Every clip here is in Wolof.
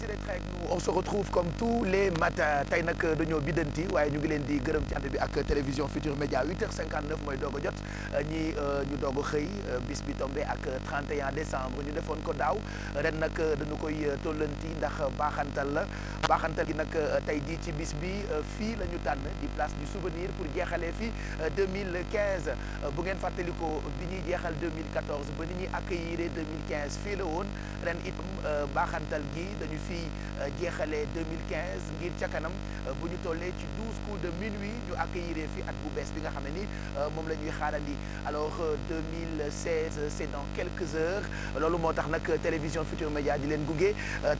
plaisir d'être avec nous. on se retrouve comme tous les matins tey nag euh, dañoo biddanti waaye ñu ngi leen di gërëm ci ànd bi ak télévision Futur Média 8h59 mooy doog a jot euh, ñi euh, ñu doog a xëy bis bi tombé ak 31 décembre ñu defoon ko daaw ren nag dañu koy tollanti ndax baaxantal la baaxantal gi nag tey jii ci bis bi fii la ñu tànn di place du souvenir pour jeexalee fi 2015 bu ngeen fàttalikoo bi ñuy jeexal 2014 ba ni ñuy accueillir 2015 fii la woon ren itam baaxantal gi dañu fii Euh, jeexalee 2015 ngir ca kanam euh, bu ñu tollee ci 12 coups de minuit ñu accueillir fi at bu bees bi nga xam ne ni euh, moom la ñuy xaarandi alors 2016 c'est dans quelques heures loolu moo tax nag télévision Futur Média di leen gunge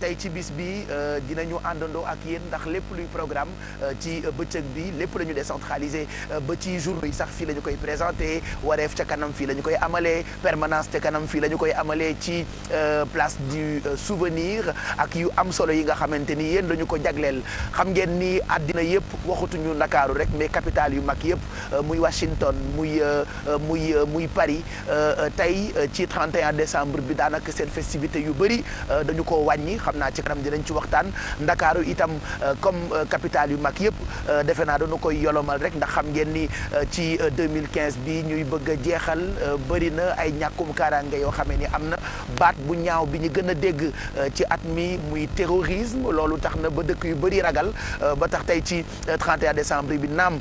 tey ci bis bi dinañu àndandoo ak yéen ndax lépp luy programme ci bëccëg bi lépp la ñu décentralisé ba ci journée yi sax fii la ñu koy présenté wareef ca kanam fii la ñu koy amale permanence ca kanam fii la ñu koy amalee ci place du souvenir ak yu am solo yi nga xamante ni yéen lañu ko jagleel xam ngeen ni àddina yëpp waxatuñu ndakaaru rek mais capitale yu mag yëpp Euh, muy Washington muy euh, euh, muy muy Paris tey ci 31 décembre bi daanaka seen festivité yu bëri dañu ko wàññi xam naa ci kanam dinañ ci waxtaan ndakaaru itam comme capitale yu mag yëpp defe naa dañu koy yolomal rek ndax xam ngeen ni ci 2015 bi ñuy bëgg a jeexal bëri na ay ñàkkum kaaraange yoo xamee ni am na baat bu ñaaw bi ñu gën a dégg ci at mi muy terrorisme loolu tax na ba dëkk yu bëri ragal ba tax tey ci 31 décembre bi naam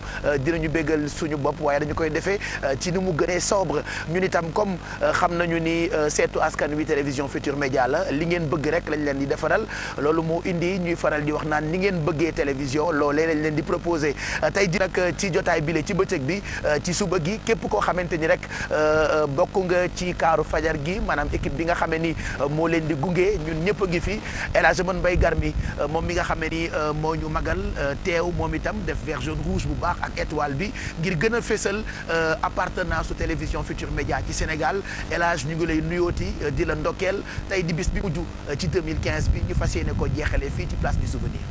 dinañu béggal suñu bopp waaye dañu koy defee euh, ci ni mu gënee sobre ñun itam comme euh, xam nañu ni euh, seetu askan wi télévision Futur Média la li ngeen bëgg rek lañ leen di defaral loolu moo indi ñuy faral di wax naan ni ngeen bëggee télévision loolee lañ leen di proposé tey ji nag ci jotaay bi la ci bëccëg bi ci suba gi képp koo xamante ni rek bokk nga ci kaaru fajar gi maanaam équipe bi nga xam ni moo leen di gunge ñun ñëpp a ngi fi El Hadj Mane Mbaye Garmi moom mi nga xam ni moo ñu magal teew moom itam def vert jaune rouge bu baax ak étoile bi. ngir gën a fésal euh, appartenance su télévision Futur Média ci Sénégal El Hadj ñu ngi lay nuyooti euh, di la ndokkeel tey di bis bi mujj euh, ci 2015 bi ñu fa yéene ko jeexale fii ci place du souvenir.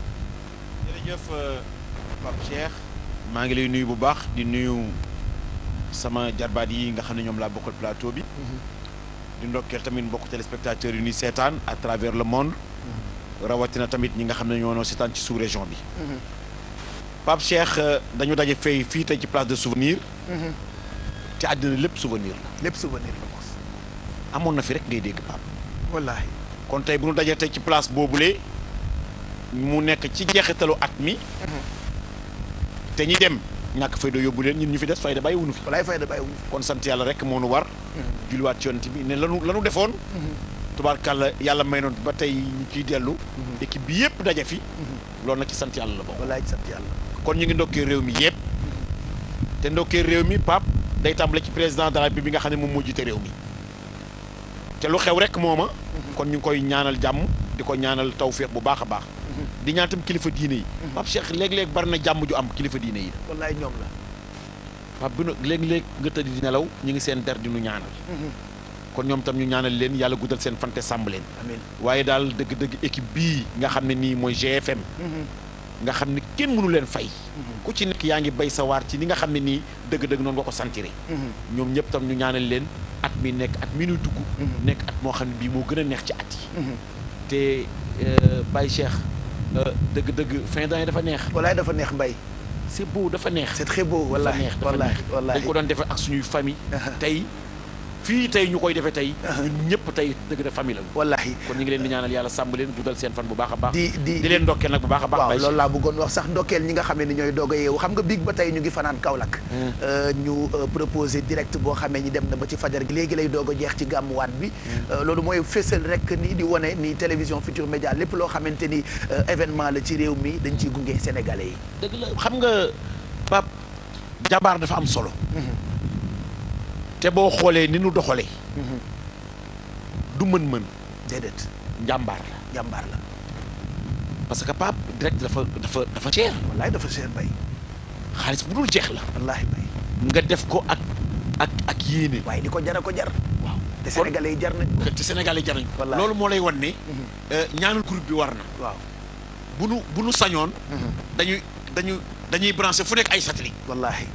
jërëjëf Pape Cheikh. maa ngi lay nuyu bu baax di nuyu sama jarbaat yi nga xam ne ñoom laa bokkal plateau bi. Mm-hmm. di ndokkeel tamit mbokk téléspectateurs yu ni seetaan à travers le monde. Mm-hmm. rawatina tamit ñi nga xam ne ñoo noo seetaan ci sous région bi. Mm-hmm. Pape Cheikh euh, dañu daje fay fii tey ci place de souvenir mhm. ci àddina lépp souvenir la lépp souvenir amoon na fi rek ngay dégg Pape kon tey bu ñu dajee tey ci place boobule mu nekk ci jeexitalu at mi mhm. te ñi dem ñàkk fayda yóbbu leen ñun ñu fi des fayda bàyyi wuñu fi wallaahi fayda bàyyi wuñu kon sant yàlla rek moo nu war mhm. julliwaat ci yonent bi ne lanu lanu defoon tubaarkàlla yàlla may noon ba tey ñu ciy dellu équipe bi yëpp daje fi loolu nag ci sant yàlla la bokk wallaay ci sant yàlla kon ñu ngi ndokkee réew mi yëpp te ndokkee réew mi pap day tàmbale ci président de bi nga xam ne moom moo jiite réew mi te lu xew rek mooma kon ñu ngi koy ñaanal jàmm di ko ñaanal tawféex bu baax a baax di ñaan tam kilifa diine yi Pape Cheikh léeg-léeg bari na jàmm ju am kilifa diine yi wallaay ñoom la Pape bi nu léeg-léeg nga tëdd di nelaw ñu ngi seen der di nu ñaanal kon ñoom tam ñu ñaanal leen yàlla guddal seen fante sàmm leen waaye daal dëgg-dëgg équipe bii nga xam ne nii mooy GFM nga xam ni kenn mënu leen fay mm-hmm. ku ci nekk yaa ngi bay sa waar ci ni nga xam ne nii dëgg-dëgg noonu nga ko santire mm-hmm. ñoom ñëpp tam ñu ñaanal leen at mi nekk at mi nuy dugg mm-hmm. nekk at moo xam ne bii moo gën a neex ci at yi te euh, Baye Cheikh euh, dëgg-dëgg fin d'année dafa neex walaay dafa neex mbay c'est beau dafa neex c'est très beau walaay neex dafa neex dañ ko doon defee ak suñuy famille tey fii tey ñu koy defee tey ñun ah. ñëpp tey dëgg na famille la wallaahi kon ñu ngi leen di ñaanal yàlla sàmm leen dudal seen fan bu baax a baax di di leen ndokkeel nag bu baax a baax waaw loolu laa bëggoon wax sax ndokkeel ñi nga xamee ni ñooy doog a yeewu xam nga biig ba tey ñu ngi fanaan Kaolack hmm. euh, ñu euh, proposé direct boo xamee ñi dem na ba ci fajar gi léegi lay doog a jeex ci gàmmuwaat bi hmm. euh, loolu mooy fésal rek nii di wone ni télévision Futur Média lépp loo xamante ni événement la ci réew mi dañ ciy gunge sénégalais xam nga Pape jabaar am solo hmm. te boo xoolee ni nu doxalee. Mhm. du mën-mën. déedéet njàmbaar la njàmbaar la. parce que Pape direct dafa dafa dafa cher. wallaay dafa cher bay xaalis bu dul jeex la. wallaahi bay nga def ko ak ak ak yéene. waaye li ko jar ko jar. waaw te sénégalais yi jar nañ. te sénégalais yi loolu moo lay wan ne. Mhm. Euh, ñaanal groupe bi war na. waaw bu nu bu nu sañoon. Mhm. dañuy dañuy dañuy branché fu nekk ay satellite. wallaahi.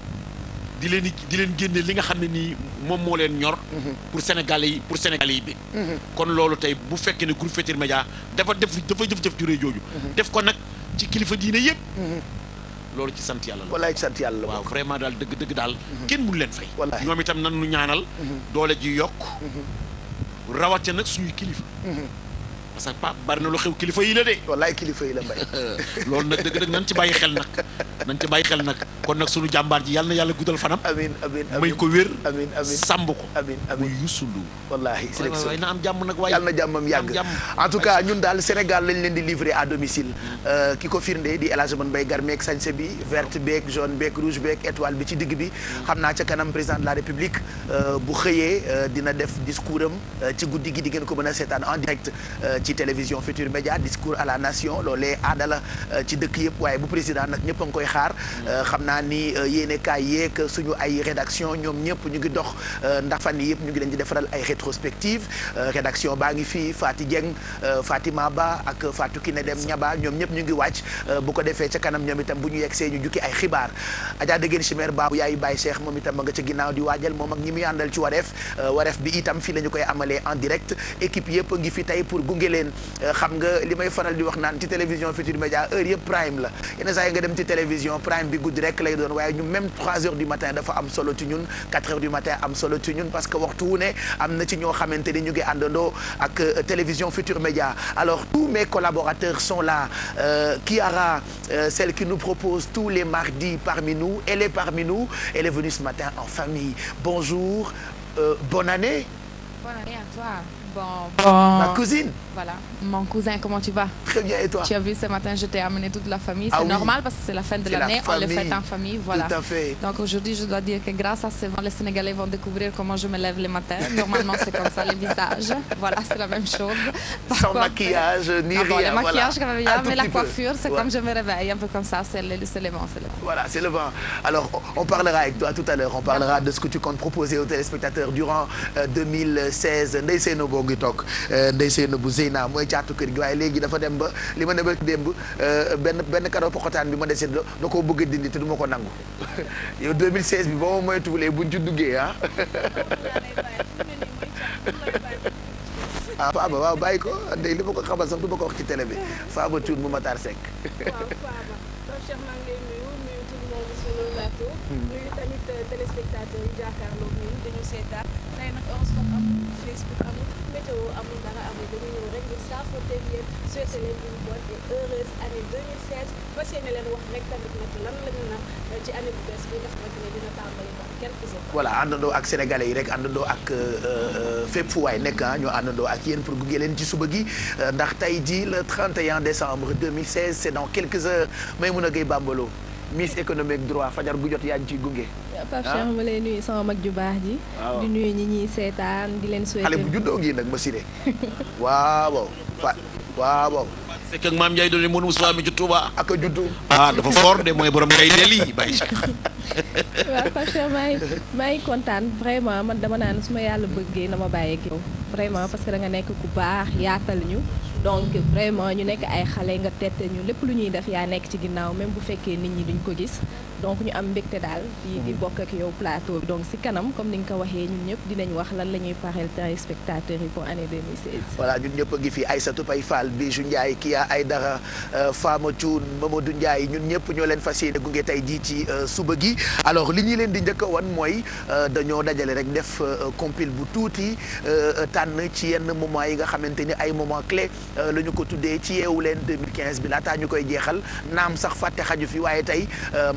di leen di leen génne li nga xam ne nii moom moo leen ñor. Mhm. pour sénégal yi pour Sénégalais yi bi mhm. kon loolu tey bu fekkee ne groupe Futurs Médias dafa def dafa jëf-jëf juree jooju. Mhm. def ko nag ci kilifa diine yëpp. loolu ci sant yàlla la. walaay sant yàlla la waaw vraiment daal dëgg dëgg daal. kenn mënu leen fay. ñoom itam nan nu ñaanal. doole ji yokk. rawatina nag suñuy kilifa. parce que Pape bari na lu xew kilifa yi la de. wallaay kilifa yi la mbay. loolu nag dëgg-dëgg nañ ci bàyyi xel nag kon nag sunu jàmbaar ji yàlla na yàlla guddal fanam. amiin amiin amiin may ko wér. amiin amiin sàmm ko. amiin amiin muy Youssou na am jàmm nag waay yàlla na jàmmam yàgg. en tout cas ñun daal Sénégal lañ leen di livrer à domicile. Euh, ki ko firnde di El Hadj Oumar Mbaye Garmeek sañse bi verte beeg jaune beeg rouge beeg étoile bi ci digg bi. xam naa ca kanam président de la république euh, bu xëyee euh, dina def discours am ci guddi gi di ngeen ko mën a seetaan en direct ci télévision Futur Média discours à la nation loolee aada la euh, ci dëkk yëpp waaye bu président nag ñëpp a ngi koy xaar euh, xam naa ni euh, yéene kaay yeeg suñu ay rédaction ñoom ñëpp ñu ngi dox ndax fan yii yëpp ñu ngi leen di defaral ay rétrospective rédaction baa ngi fii Fati Dieng Fatima Ba ak ki ne Dem Ñaba ñoom ñëpp ñu ngi wàcc bu ko defee ca kanam ñoom itam bu ñu yegg see ñu jukki ay xibaar Adja Degen Chimère Ba bu yaayu Baye Cheikh moom itam ma nga ca ginnaaw di waajal moom ak ñi muy àndal ci wareef wareef bi itam fii la ñu koy amalee en direct équipe yëpp leen euh, xam nga li may faral di wax naan ci télévision Futurs Médias heure yëpp prime la yenn saa yi nga dem ci télévision prime bi guddi rek lay doon waaye ñu même 3 heures du matin dafa am solo ci ñun 4 heures du matin am solo ci ñun parce que waxtu wu ne am na ci ñoo xamante ni ñu ngi àndandoo ak euh, télévision Futurs média alors tous mes collaborateurs sont là euh, Kiara euh, celle qui nous propose tous les mardis parmi nous elle est parmi nous elle est venue ce matin en famille bonjour euh, bonne année. Bonne année à Bon, bon. Ma cousine. Voilà. Mon cousin, comment tu vas? Très bien, et toi? Tu as vu ce matin, je t'ai amené toute la famille. Ah c'est ah oui. normal parce que c'est la fin de l'année, la on le fête en famille, voilà. Tout à fait. Donc aujourd'hui, je dois dire que grâce à ce vent, les Sénégalais vont découvrir comment je me lève le matin. Normalement, c'est comme ça, les visages. Voilà, c'est la même chose. Par Sans contre, maquillage, ni ah bon, rien. Le maquillage, voilà. quand même, mais la coiffure, c'est ouais. comme je me réveille, un peu comme ça, c'est le, le vent. Voilà, c'est le vent. Alors, on parlera avec toi tout à l'heure, on parlera ah. de ce que tu comptes proposer aux téléspectateurs durant euh, 2016. Ndeye Senoubo moo ngi toog eh, ndey seen bu Zeyna mooy caatu kër gi waaye léegi dafa dem ba li ma ne ba démb eh, benn benn karaw bi ma dese da koo bëgg dindi te du ma ko nangu yow 2016 bi ba ma moytuwulee buñ ci duggee ah. ah waaw bàyyi ko ndey li ma ko xamal sax du ma ko wax ci télé bi Faba Thioune mu Matar Seck. loolu laa tudd. Hmm. nuyu tamit euh, téléspectateurs yi jàkkaarloo ñun dañu seetaan tey nag horoscope amul Facebook amul météo amul dara amul dañu ñëw rek ngir saafonte yéen souhaité leen une bonne et heureuse année 2016 fas leen wax rek tamit nag lan la ñu euh, ci année bu bees bi nga xamante ne dina tàmbali ba quelque chose. voilà àndandoo ak sénégalais yi rek àndandoo ak euh, fépp fu waay nekk ah ak yéen pour gunge leen ci suba gi ndax tey jii le 31 décembre c'est dans quelques heures Maymouna Gueye Bambalo. Miss économique droit fajar gu jot yaa ngi ciy gunge. Pape ah. Cheikh ma lay nuyu sama mag ju baax ji. di nuyu ñi ñuy seetaan di leen. souhaiter xale bu juddoo gi nag ma siré waaw waaw waaw. fekk ak maam Ndiaye doon mënu Moussa mi ci Touba. ak a juddu ah dafa fort de mooy borom ngay deli bàyyi. waaw parce que maa ngi kontaan vraiment man dama naan su ma yàlla bëggee na ma bàyyi ak yow vraiment parce que da nga nekk ku baax yaatal ñu. donc vraiment ñu nekk ay xale nga tette ñu lépp lu ñuy def yaa nekk ci ginnaaw même bu fekkee nit ñi duñ ko gis donc ñu am mbégte daal di di hmm. bokk ak yow plateau bi donc si kanam comme ni nga ko waxee ñun ñëpp dinañ wax lan la ñuy pareel téléspectateurs yi pour année 2016. voilà ñun ñëpp a ngi ay Rokia Aydara euh, Fama Thioune Mamadou Ndiaye ñun ñëpp ñoo leen fa yéene gunge tey jii ci euh, suba gi alors li ñu leen di njëkk a wan mooy euh, dañoo dajale rek def compil bu tuuti tànn ci yenn moment yi nga xamante ni ay moment clé la ñu ko tuddee ci yeewu leen 2015 bi laataa ñu koy jeexal naam sax fàtte xaju fi waaye tey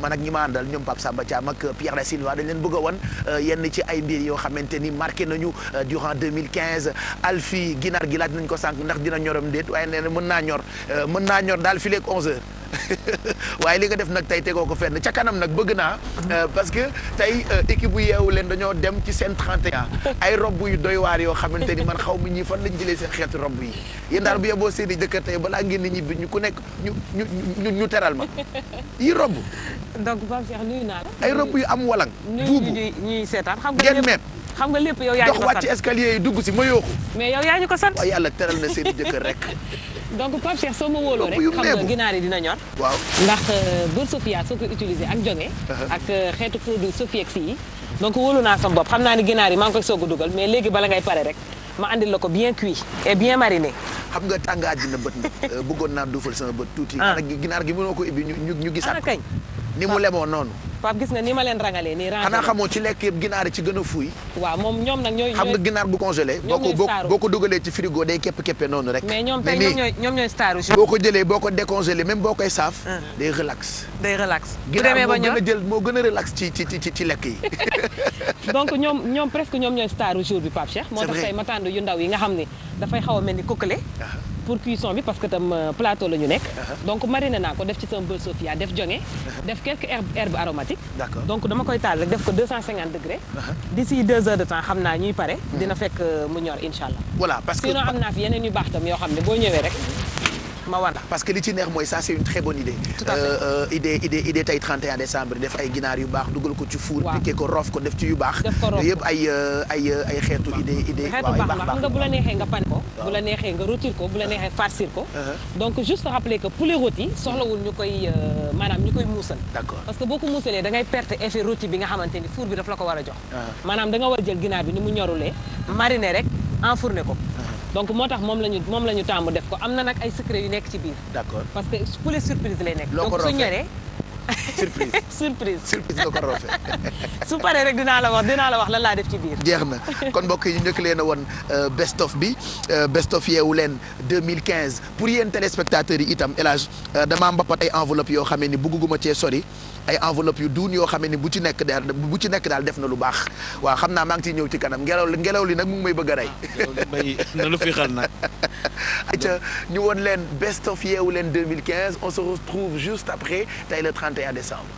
man ak ñi ma àndal ñoom Pape Samba Thiam ak Pierre Da Silva dañ leen bëgg a wan yenn ci ay mbir yoo xamante ni marqué nañu durant 2015 Alfi ginaar gi laaj nañ ko sànq ndax dina ñorom déet waaye nee naa ñor ñor euh, mën naa ñor daal fileeg 11h. waaye li nga def nag tey tegoo ko fenn ca kanam nag bëgg naa euh, parce que tey euh, équipe bu yeewu leen dañoo dem ci seen 31 ay rob yu doy waar yoo xamante ni man xaw ma ñii fan lañ jëlee seen xeetu rob yi yéen daal bu yeboo seen i jëkkër tey balaa ngeen di ñibbi ñu ku nekk ñu ñu ñu teral ma yi rob donc Pape Cheikh nuyu ay rob yu am walang buubu ñuy seetaan xam nga lépp yow yaa ñu ko sant dugg si ma yooxu mais yow yaa ñu sant waaye yàlla teral na seen jëkkër rek donc Pape Cheikh soo ma wóoloo rek xam nga ginaar yi dina ñor waaw ndax beurre Sofia soo ko utiliser ak jonge uh-huh. ak euh, xeetu produit Sofiex yi donc wóolu naa sama bopp xam naa ni ginaar yi maa ngi koy soog dugal mais léegi bala ngay pare rek ma indi la ko bien cuit et bien mariné xam nga tàngaaj dina bët na euh, bëggoon naa duufal sama bët tuuti ah. ginaar gi mënoo ko ibbi ñu ñu gisaat ko ni mu lemoon noonu. Pape gis nga ni ma leen rangalee nii rangalee. xanaa xamoo ci lekk yëpp ginaar ci gën a fuuy. waaw moom ñoom nag ñooy. xam nga ginaar bu congelé. ñoom ñooy staru boo ko dugalee ci frigo day képp képpe noonu rek. mais ñoom tey ñoom ñooy ñoom ñooy boo ko jëlee boo ko décongelé même boo koy saaf. Ah. day relax. day relax bu demee ba ñor ginaar boo gën a jël moo gën relax ci ci ci ci lekk yi. donc ñoom ñoom presque ñoom ñooy staru jour bi Pape Cheikh. moo tax tey matandu yu ndaw yi nga xam ni dafay xaw a mel ni kokkale pour cuisson bi parce que tam euh, plateau la ñu nekk donc mariner naa ko def ci sama beurre sofia def jonge def quelques herbes herbes aromatiques donc dama koy taal rek def ko 250 degrés d'ici deux heures de temps xam naa ñuy pare dina fekk euh, mu ñor incha allah voilà parce que sinon am naa fi yeneen yu baax tam yoo xam ne boo ñëwee rek ma wan parce que li ci neex mooy ça c'est une très bonne idée. tout à fait euh, euh, idée idée def ay ginaar yu baax dugal ko ci four. waaw piqué ko roof ko def ci yu baax. def yëpp ay euh, ay xeetu idée nga bu la neexee nga pan ko. bu la neexee nga rôtir ko bu la neexee farcir ko. Uh-huh. donc juste rappeler que poulet rôti soxlawul ñu koy maanaam ñu koy muusal. parce que boo ko muusalee da ngay perte effet rôti bi nga xamante ni four bi daf la ko war a jox. Uh-huh. maanaam da nga war a jël ginaar bi ni mu ñorulee mariner rek enfourner ko donc moo tax moom la ñu moom la ñu tàmm def ko am na nag ay secret yu nekk ci biir. d'accord parce que poulet surprise lay nekk. donc su ñoree. surprise surprise surprise nga ko roofee. su paree rek dinaa la wax dinaa la wax lan laa def ci biir. jeex na kon mbokk yi ñu njëkk woon euh, best of bi euh, best of yeewu leen 2015 pour yéen téléspectateurs yi itam El Hadj euh, damaa mbapat ay enveloppe yoo xam ni bugguma cee sori. ay enveloppe yu duun yoo xamee ni bu ci nekk daal bu ci nekk daal na lu baax waaw xam na maa ngi ciy ñëw ci kanam ngelaw li ngelaw li nag mu ngi may bëgg a rey. na lu fi xal nag. ayca ñu woon leen best of yeewu leen 2015 on se retrouve juste après tey le 31 décembre.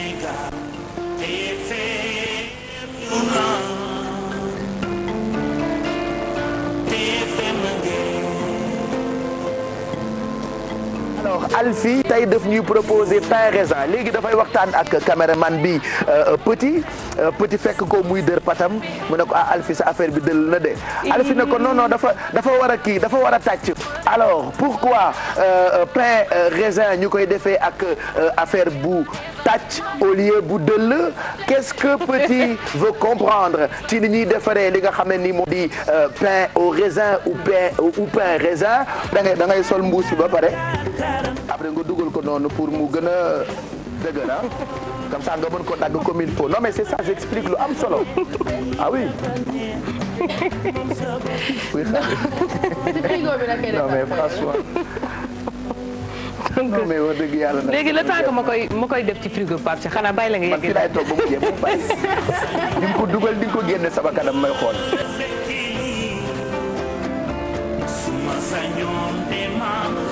Sénégal TFM Alfi tey def ñuy proposer pain léegi dafay waxtaan ak caméraman bi euh, petit euh, petit fekk ko muy dër patam mu ne ko ah Alfi sa affaire bi dëll na de Alfi ne ko non dafa dafa war a kii dafa war a tàcc alors pourquoi euh, euh, pain euh, raisin ñu koy defee ak affaire bu tac au lieu bu dëll qu'est-ce que petit veut comprendre ci ni ñuy defaree li nga xam ne ni moo di pain au raisin ou pain ou pain raisin da ngay da ngay sol mbuus bi ba pare après nga dugal ko noonu pour mu gën a comme ça nga mën ko dagg comme il faut non mais c'est ça j'explique lu am solo ah oui. oui non mais franchement. non mais wax dëgg yàlla na léegi le temps que ma koy ma koy def ci frigo Pape Cheikh xanaa bàyyi la nga yegg. man fi laay toog ba mu jeex ba mu bàyyi. di nga ko dugal di nga ko génne sama kanam may xool. suma sañoon te maam.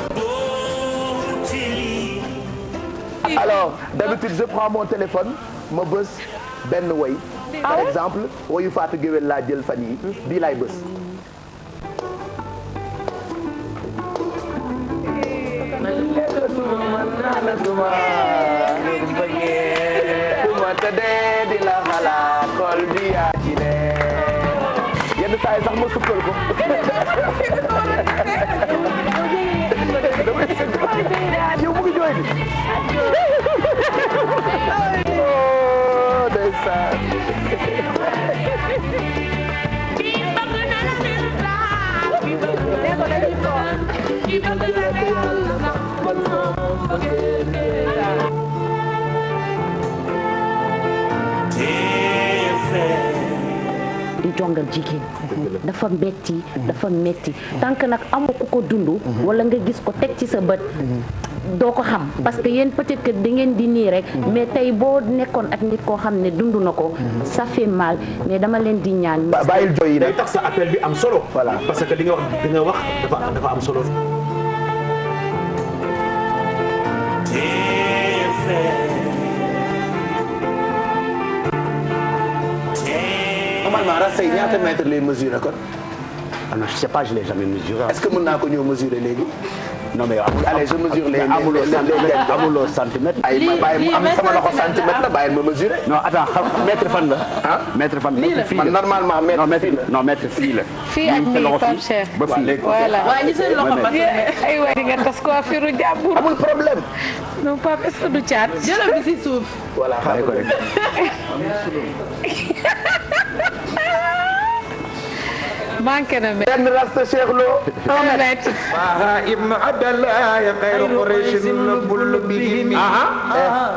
alors d'habitude je prends mon téléphone ma bës benn woy ah par exemple woyu Fatou Guewel laa jël fan yi bii laay bës yenn saa yi sax ma sukkal ko damay di ndeysaan di jongal jigéen dafa metti dafa metti tànk nag amoo ku ko dund walla nga gis ko teg ci sa bët doo ko xam parce que yéen peut-être que da ngeen di nii rek mm-hmm. mais tey boo nekkoon ak nit koo xam ne dundu na ko mm-hmm. ça fait mal mais dama leen di ñaan bàyyil jooy yi bi am solo voilà parce que li nga wax li wax dafa am solo normalement rasay ñaata mètre lay mesurer kon. ah non je sais pas je l'ai jamais mesuré. est que mën naa ko ñëw mesurer léegi. non mais allez je mesure les amuloo centimètre amuloo centimètre. ay ma bàyyi am sama loxo centimètre la bàyyi ma mesurer. non attends xam mètre fan la. ah mètre fan mètre fii la man normalement mètre fii la non mètre fii la. fii ak nii Pape Cheikh. ba fii léegi voilà waaye ñu seen loxo ba ay waay di nga tas ko affaire jàmbur. amul problème. non Pape est-ce que du caat. jëlal bi si suuf. voilà xaaral ko rek. manqué na benn rasta Cheikh Lo un mètre aha ibnu abdallah ya xayru qurayshin bull bi aha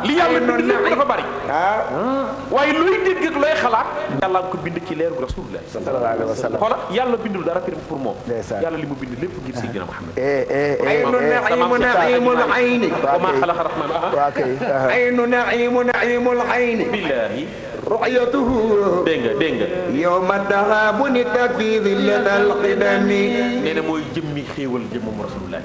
li yàlla bind lépp dafa bari ah. Ah. waaye looy dégg ak looy xalaat yàlla ko bind ci leeru rasulullah sallallahu alayhi wa sallam xoola yàlla bindul dara pour moom yàlla li mu bind lépp ngir Seydina Muhammad eh, eh, eh, aynu naimu ayni wa ma xalaqa rahman aha aynu naimu naimul ayni billahi ru'yatuhu dégg nga dégg nga yawma tahaabuni fi zillatal qidami nee na mooy jëmmi xéewal jëmmam rasulullah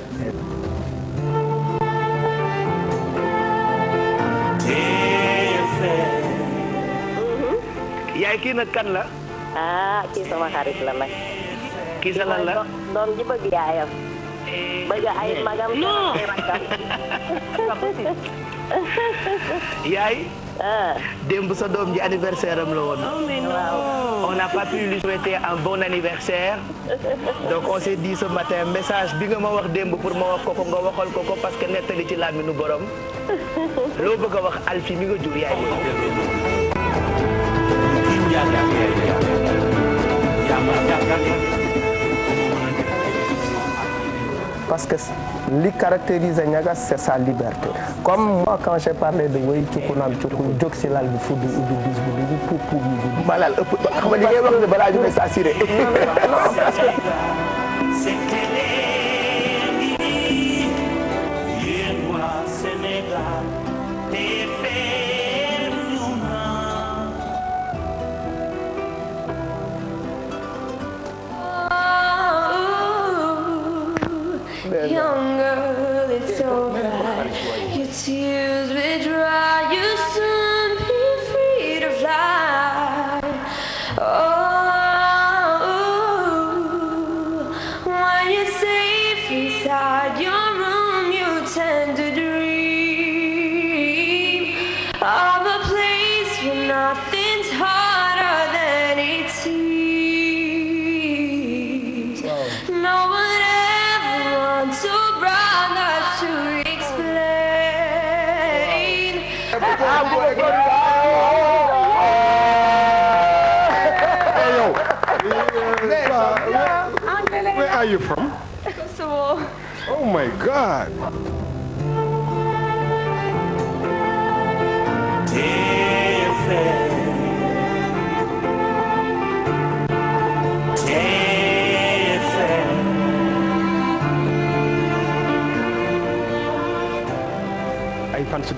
yaay kii nag kan la ah kii sama xarit la nag kii sa lan ji bëgg yaayam bëgg ay magam yaay Ah. démb sa doom ji anniversaire am la woon. Oh, on n'a pas pu lui souhaiter bon anniversaire. donc on s'est dit ce matin message bi nga ma wax démb pour ma wax ko ko nga waxal koko ko parce que nettali ci làmmiñu borom. loo bëgg a wax Alfi mi nga jur yaay parce que. li caractérise Niagas c'est sa liberté comme moi quand j'ai parlé de woy cukku naan cukku jóg si lal bi fuddi ubbi bis bi dugu bi dugu ëpp xam nga wax ne sa assuré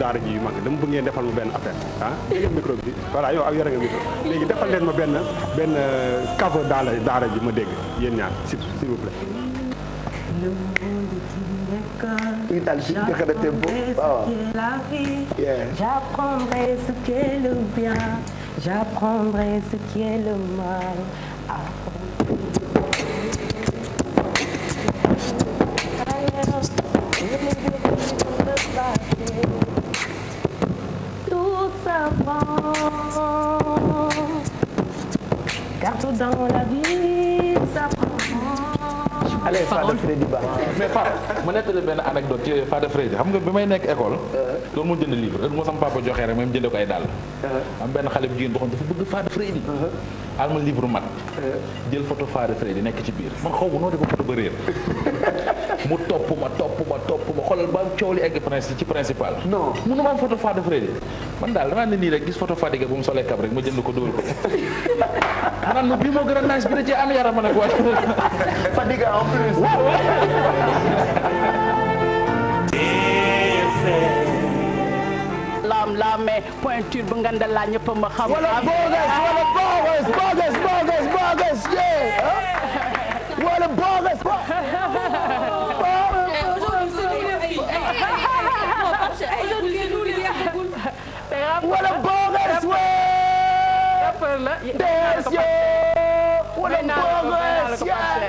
daara ji yu mag dama bëgg ngeen defal ma benn affaire ah ngeen micro bi voilà yow ak yore nga micro léegi defal leen ma benn benn euh, cover daara daara ji ma dégg yéen ñaar s'il vous plaît. J'apprendrai ce qu'est le bien, j'apprendrai ce qu'est le mal. ma nettali benn anecdote ci Fada Freddy xam nga bi may nekk école uh-huh. doon mu jënd livre heure bu ma sama papa joxee rek moom jënde ko ay dàll uh-huh. am benn xale bu jigéen boo xam dafa bëgg uh-huh. nekk ci biir man xaw ma noo ba mu topp ma topp ma topp ma xoolal ba coow li egg prince ci principal non mënu ma daal gis photo Fadiga bu mu solee kab rek ma jënd ko dóor ko man nu bii moo gën a nice bi da cee am yaram ma ne ko en plus waaye pointure bu nganda laa ñëpp ma xam. wala bogus wala bogus bogus bogus bogus yee. wala bogus. wala bogus wee. wala boobes yaa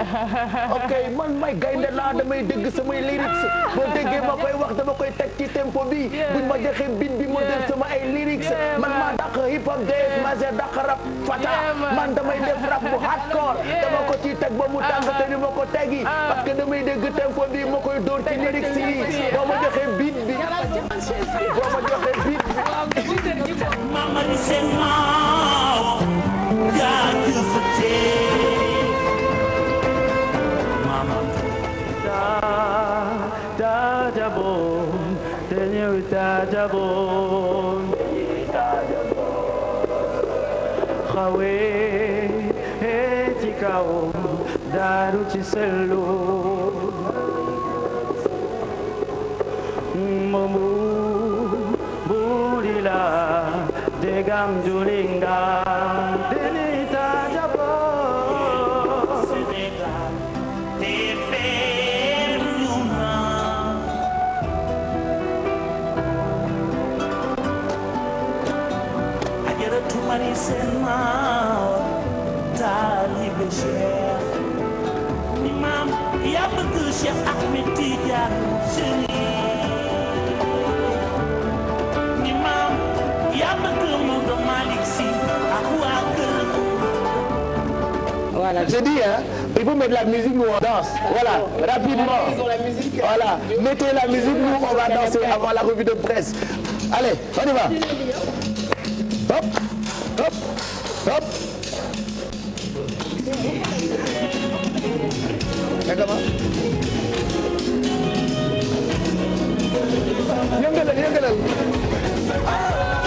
ok man may gaynde laa damay dégg samay lyrics boo déggee ma koy wax dama koy teg ci tempo bi buñ ma joxee bit bi ma jël sama ay lyrics man maa dàq hip hop days maa see dàq rap fata man damay def rap bu hardcore dama ko ciy teg ba mu tàng te ni ma ko tegi parce que damay dégg tempo bi ma koy dóor ci lyrics yi boo ma joxee bit bi boo ma joxee bit bi تعجبون خويتك دار تسلو ممو بوري لا دقام جولينغا taalibe je dis il faut mettre la musique nous on danse voilà rapidement voilà mettez la musique nous on va danser avant la revue de presse allez on va hop hop Stop. Naka ba? Yëngalal yëngalal.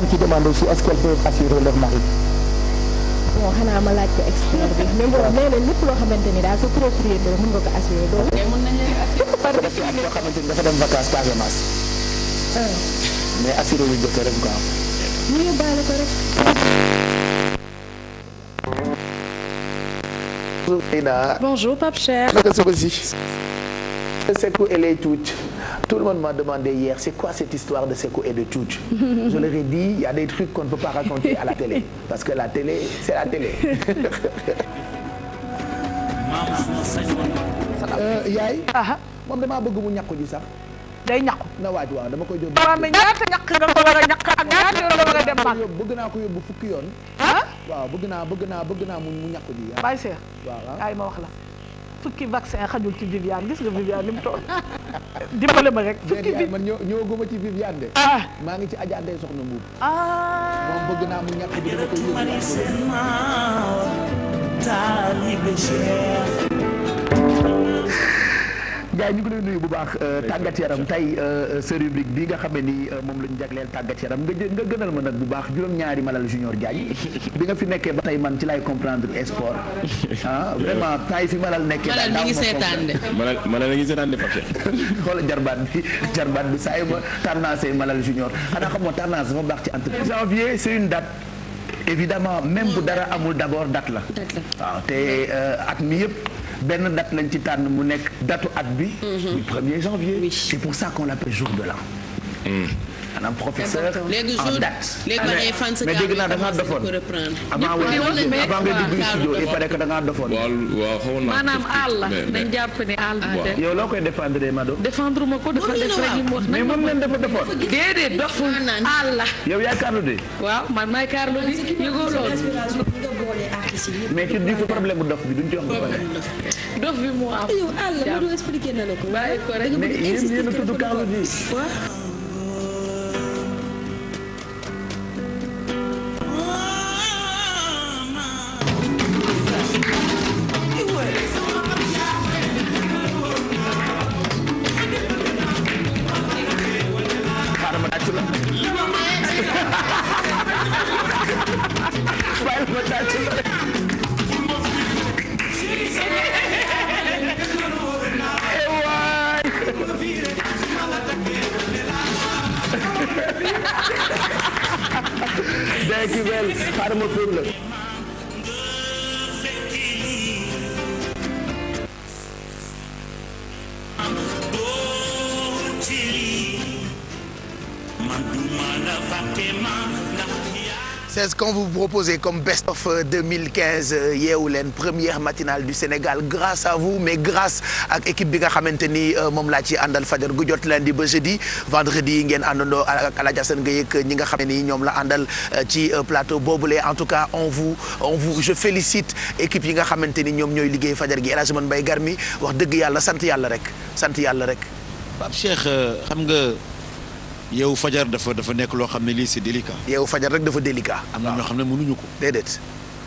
am ci demande aussi est-ce qu'elles peuvent assurer leur mari. bon xanaa ma laaj ko expert bi mais bon nee na lépp loo xamante ni daal sa propriété mën nga ko assurer doo. mais mën nañ leen assurer par défi. parce que yoo xamante ni dafa dem vacance Casamance. Euh. mais assurer wu jëkkër rek quoi. ñu yóbbaale ko rek. bonjour Pape Cheikh. naka suba si. Seku Elay Tuuti. Tout le monde m'a demandé hier, c'est quoi cette histoire de Sekou et de Tchouch Je leur dit, il y a des trucs qu'on ne peut pas raconter à la télé. Parce que la télé, c'est la télé. Euh, yaay. Ah ah. moom damaa bëgg mu ñàkk ji sax. day ñàkk. na waaj waaw dama koy jóg. waaw mais ñaata ñàkk nga ko war a ñàkk ak ñaata yoon fukki yoon. Ah? bëgg naa bëgg naa bëgg naa mu ñàkk la. fukki vaccin xajul ci Viviane gis nga Viviane ni mu toll dimbale ma rek. fukki bi man ñoo ñoo gëma ci Viviane de. ah maa ngi ci Adja Ndeye Soxna Mbuub. ah moom bëgg naa mu ñàkk bi dama koy yóbbu. Ndiaye ñu ngi lay nuyu bu baax euh, tàggat yaram tey euh, euh, sa rubrique bi nga xam ni moom la ñu jagleel tàggat yaram nga nga gënal ma nag bu baax juróom-ñaari Malal Junior Diagne bi nga fi nekkee ba tey man ci lay comprendre sport ah vraiment tay fi Malal nekkee Malal mi ngi seetaan de Malal Malal mi ngi seetaan de Pape xoolal jarbaat bi jarbaat bi saa yu ma tendance Malal Junior xanaa xam nga tendance dafa ci entreprise janvier c'est une date évidemment même bu dara amul d'abord date la waaw te euh, at mi yëpp benn date lañ ci tànn mu nekk datu at bi mm-hmm. du premier janvier c'est pour ça qu'on l'appelle jour de l'an mm. maanaam professeur en date. mais dégg naa da ngaa dofoon. avant nga dugg studio il paraît que da ngaa dofoon. waaw xawoon naa maanaam àll nañ jàpp ne àll de. yow loo koy défendre Mado. défendre ma ko dafa def rek li mu wax. mais moom leen dafa dofoon. déedéet doful àll. yow yaa Carlou D. waaw man maay Carlou D yëgoo loolu. mais ci di problème bu dof bi duñ ci wax ba pare. dof bi moo am. yow àll ma doon expliqué na la ko. bàyyi ko rek mais yéen yéen a tudd Carlou D. proposé comme best of 2015 euh, euh, yeewu leen première matinale du Sénégal grâce à vous mais grâce ak équipe bi nga xamante ni euh, moom laa ci àndal fajar gu jot lundi ba jeudi vendredi ngeen àndandoo ak Alaaji Assane Gueye nga xam ne ni ñoom la àndal ci plateau boobule en tout cas on vous on vous je félicite équipe yi nga xamante ni ñoom ñooy liggéey fajar gi El Hadj Garmi wax dëgg yàlla sant yàlla rek sant yàlla rek. yeewu fajar dafa dafa nekk loo xam ne lii c'est délicat. yeewu fajar rek dafa délicat. am na ñoo xam ne mënuñu ko. déedéet.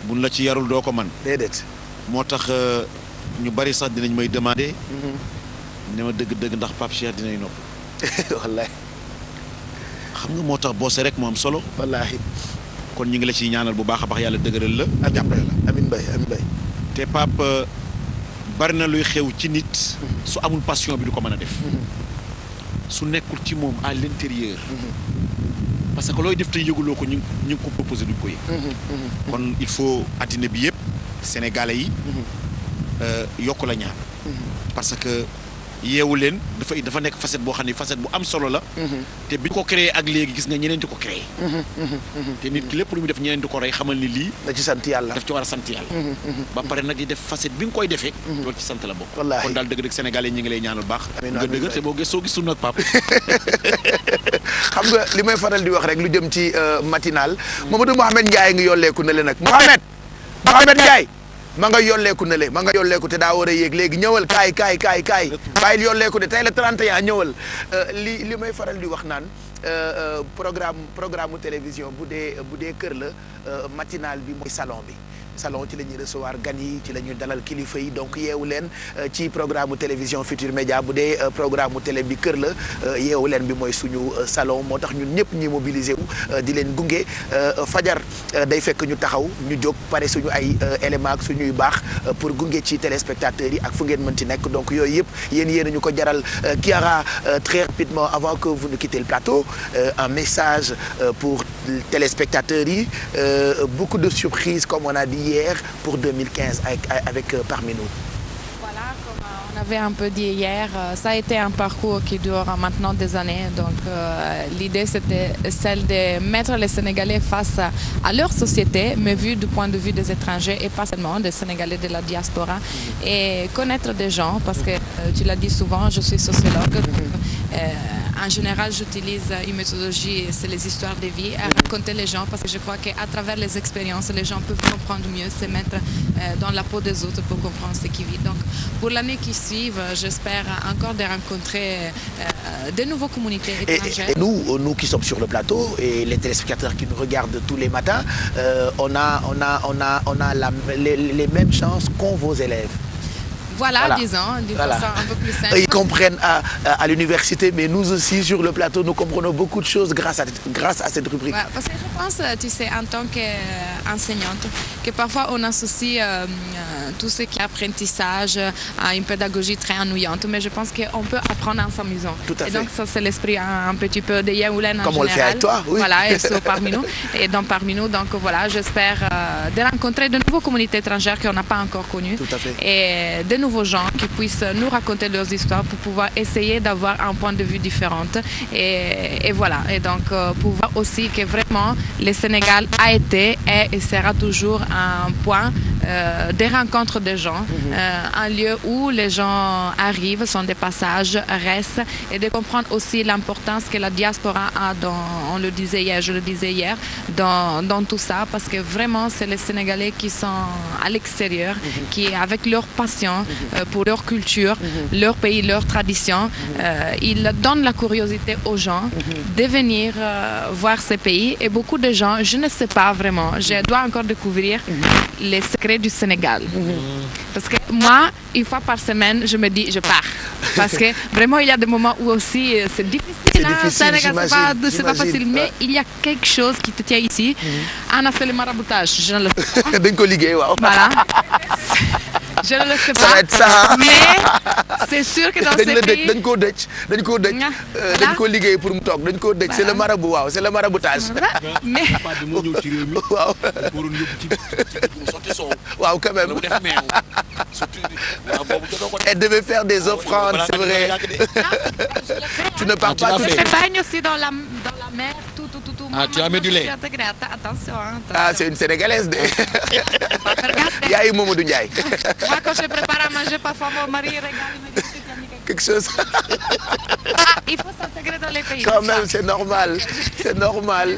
buñ la ci yarul doo ko man déedéet. moo tax euh, ñu bari sax dinañ may demander. Mhm. ne ma dëgg-dëgg ndax Pape Cheikh dinañ nopp. wallaay. xam nga moo tax boose rek moom solo. wallaahi. kon ñu ngi la ciy ñaanal bu baax a baax yàlla dëgëral la. amiin jàppale la amiin bay amiin te Pape euh, bari na luy xew ci nit. Mhm. su amul passion bi du ko mën a def. Mhm. su nekkul ci moom à l'intérieur mm-hmm. parce que looy def te yëguloo ko ñu ñu ngi ko proposé du ko yëg mm-hmm. Mm-hmm. kon il faut addina bi yëpp sénégalais yi euh, yokk la ñaar parce que yeewu leen dafa dafa nekk facette boo xam ne facette bu am solo la. te bi ko créé ak léegi gis nga ñeneen di ko créé. te nit ki lépp lu muy def ñeneen ko rey xamal ni lii. da ci sant yàlla daf ci war a sant yàlla. Mm-hmm, mm-hmm. ba pare nag di def facette bi nga koy defee. Mm-hmm. loolu ci sant la bokk. wallaahi kon daal dëgg-dëgg sénégalais ñi ngi lay ñaanal baax. nga dëgg soo gisul nag pap xam nga li may faral di wax rek lu jëm ci euh, matinal mm. Mamadou a Ndiaye ngi yolleeku na leen nag Mouhamed Mouhamed Ndiaye ma nga yolleeku na le ma nga yolleeku te daa war a yéeg léegi ñëwal kaay kaay kaay kaay bàyyil yolleeku de tey la 31 ñëwal euh, li li may faral di wax naan euh, euh, programme programme télévision bu dee bu dee kër la matinal bi mooy salon bi salon ci la ñuy recevoir gan yi ci la ñuy dalal kilifa yi donc yeewu leen euh, ci programme mu télévision Futur Média bu dee euh, programme mu télé bi kër la euh, yeewu leen bi mooy suñu salon moo tax ñun ñëpp ñuy mobiliser wu di leen gunge fajar day fekk ñu taxaw ñu jóg pare suñu ay éléments ak suñuy baax pour gunge ci téléspectateurs yi ak fu ngeen mën ci nekk donc yooyu yëpp yéen yéen ñu ko jaral Kiara très rapidement avant que vous ne quittez le plateau un message pour téléspectateurs yi beaucoup de surprises comme on a hier pour 2015 avec, avec euh, parmi nous Voilà, comme euh, on avait un peu dit hier, euh, ça a été un parcours qui dure maintenant des années. Donc euh, l'idée, c'était celle de mettre les Sénégalais face à leur société, mais vu du point de vue des étrangers et pas seulement des Sénégalais de la diaspora, et connaître des gens, parce que euh, tu l'as dit souvent, je suis sociologue. en général, j'utilise euh, une méthodologie, c'est les histoires de vie, à raconter les gens, parce que je crois qu'à travers les expériences, les gens peuvent comprendre mieux, se mettre euh, dans la peau des autres pour comprendre ce qu'ils vivent. Donc, pour l'année qui suit, euh, j'espère encore de rencontrer de nouveaux communautés étrangères. Et, et nous, nous qui sommes sur le plateau et les téléspectateurs qui nous regardent tous les matins, euh, on a, on a, on a, on a la, les, les mêmes chances qu'ont vos élèves. Voilà, voilà. disons, disons voilà. ça un peu plus simple. Ils comprennent à, à l'université, mais nous aussi, sur le plateau, nous comprenons beaucoup de choses grâce à, grâce à cette rubrique. Ouais, parce que je pense, tu sais, en tant que enseignante, que parfois on associe euh, euh, tout ce qui est apprentissage à une pédagogie très ennuyante, mais je pense qu'on peut apprendre en s'amusant. Tout à et fait. donc ça c'est l'esprit un, un, petit peu de Yaoulen en Comme général. on le fait avec toi, oui. Voilà, et sont parmi nous. Et donc parmi nous, donc voilà, j'espère euh, de rencontrer de nouvelles communautés étrangères qu'on n'a pas encore connues. Tout à fait. Et de nouveaux gens qui puissent nous raconter leurs histoires pour pouvoir essayer d'avoir un point de vue différent. Et, et voilà, et donc euh, pouvoir aussi que vraiment le Sénégal a été et et sera toujours un point euh, des rencontres de gens, mhm. euh, un lieu où les gens arrivent, sont des passages, restent, et de comprendre aussi l'importance que la diaspora a dans, on le disait hier, je le disais hier, dans, dans tout ça, parce que vraiment, c'est les Sénégalais qui sont à l'extérieur, mhm. qui, avec leur passion mhm. euh, pour leur culture, leur pays, leur tradition, euh, ils donnent la curiosité aux gens de venir euh, voir ces pays, et beaucoup de gens, je ne sais pas vraiment, j'ai doit encore découvrir mmh. les secrets du Sénégal. Mm. Parce que moi, une fois par semaine, je me dis, je pars. Parce que vraiment, il y a des moments où aussi euh, c'est difficile. Là, difficile, Mais ouais. il y a quelque chose qui te tient ici. On mm. a fait le maraboutage, je ne le sais pas. voilà. je sa le sais pas mais c'est sûr que dans ce pays dañ koo dëj dañ koo dëj euh, dañ koo liggéey pour mu toog dañ koo dëj c'est le marabout waaw c'est le maraboutage mais waaw waaw quand même elle devait faire des ah, offrandes c'est vrai ah, tu ne pars ah, pas tout seul Ah, tu as mis du lait. Attention, Ah, c'est une Sénégalaise de. Yaayu Mamadou Ndiaye. Moi, quand je prépare à manger, parfois mon mari regarde quelque chose. Ah, il faut s'intégrer dans les pays. Quand même, c'est normal. C'est normal.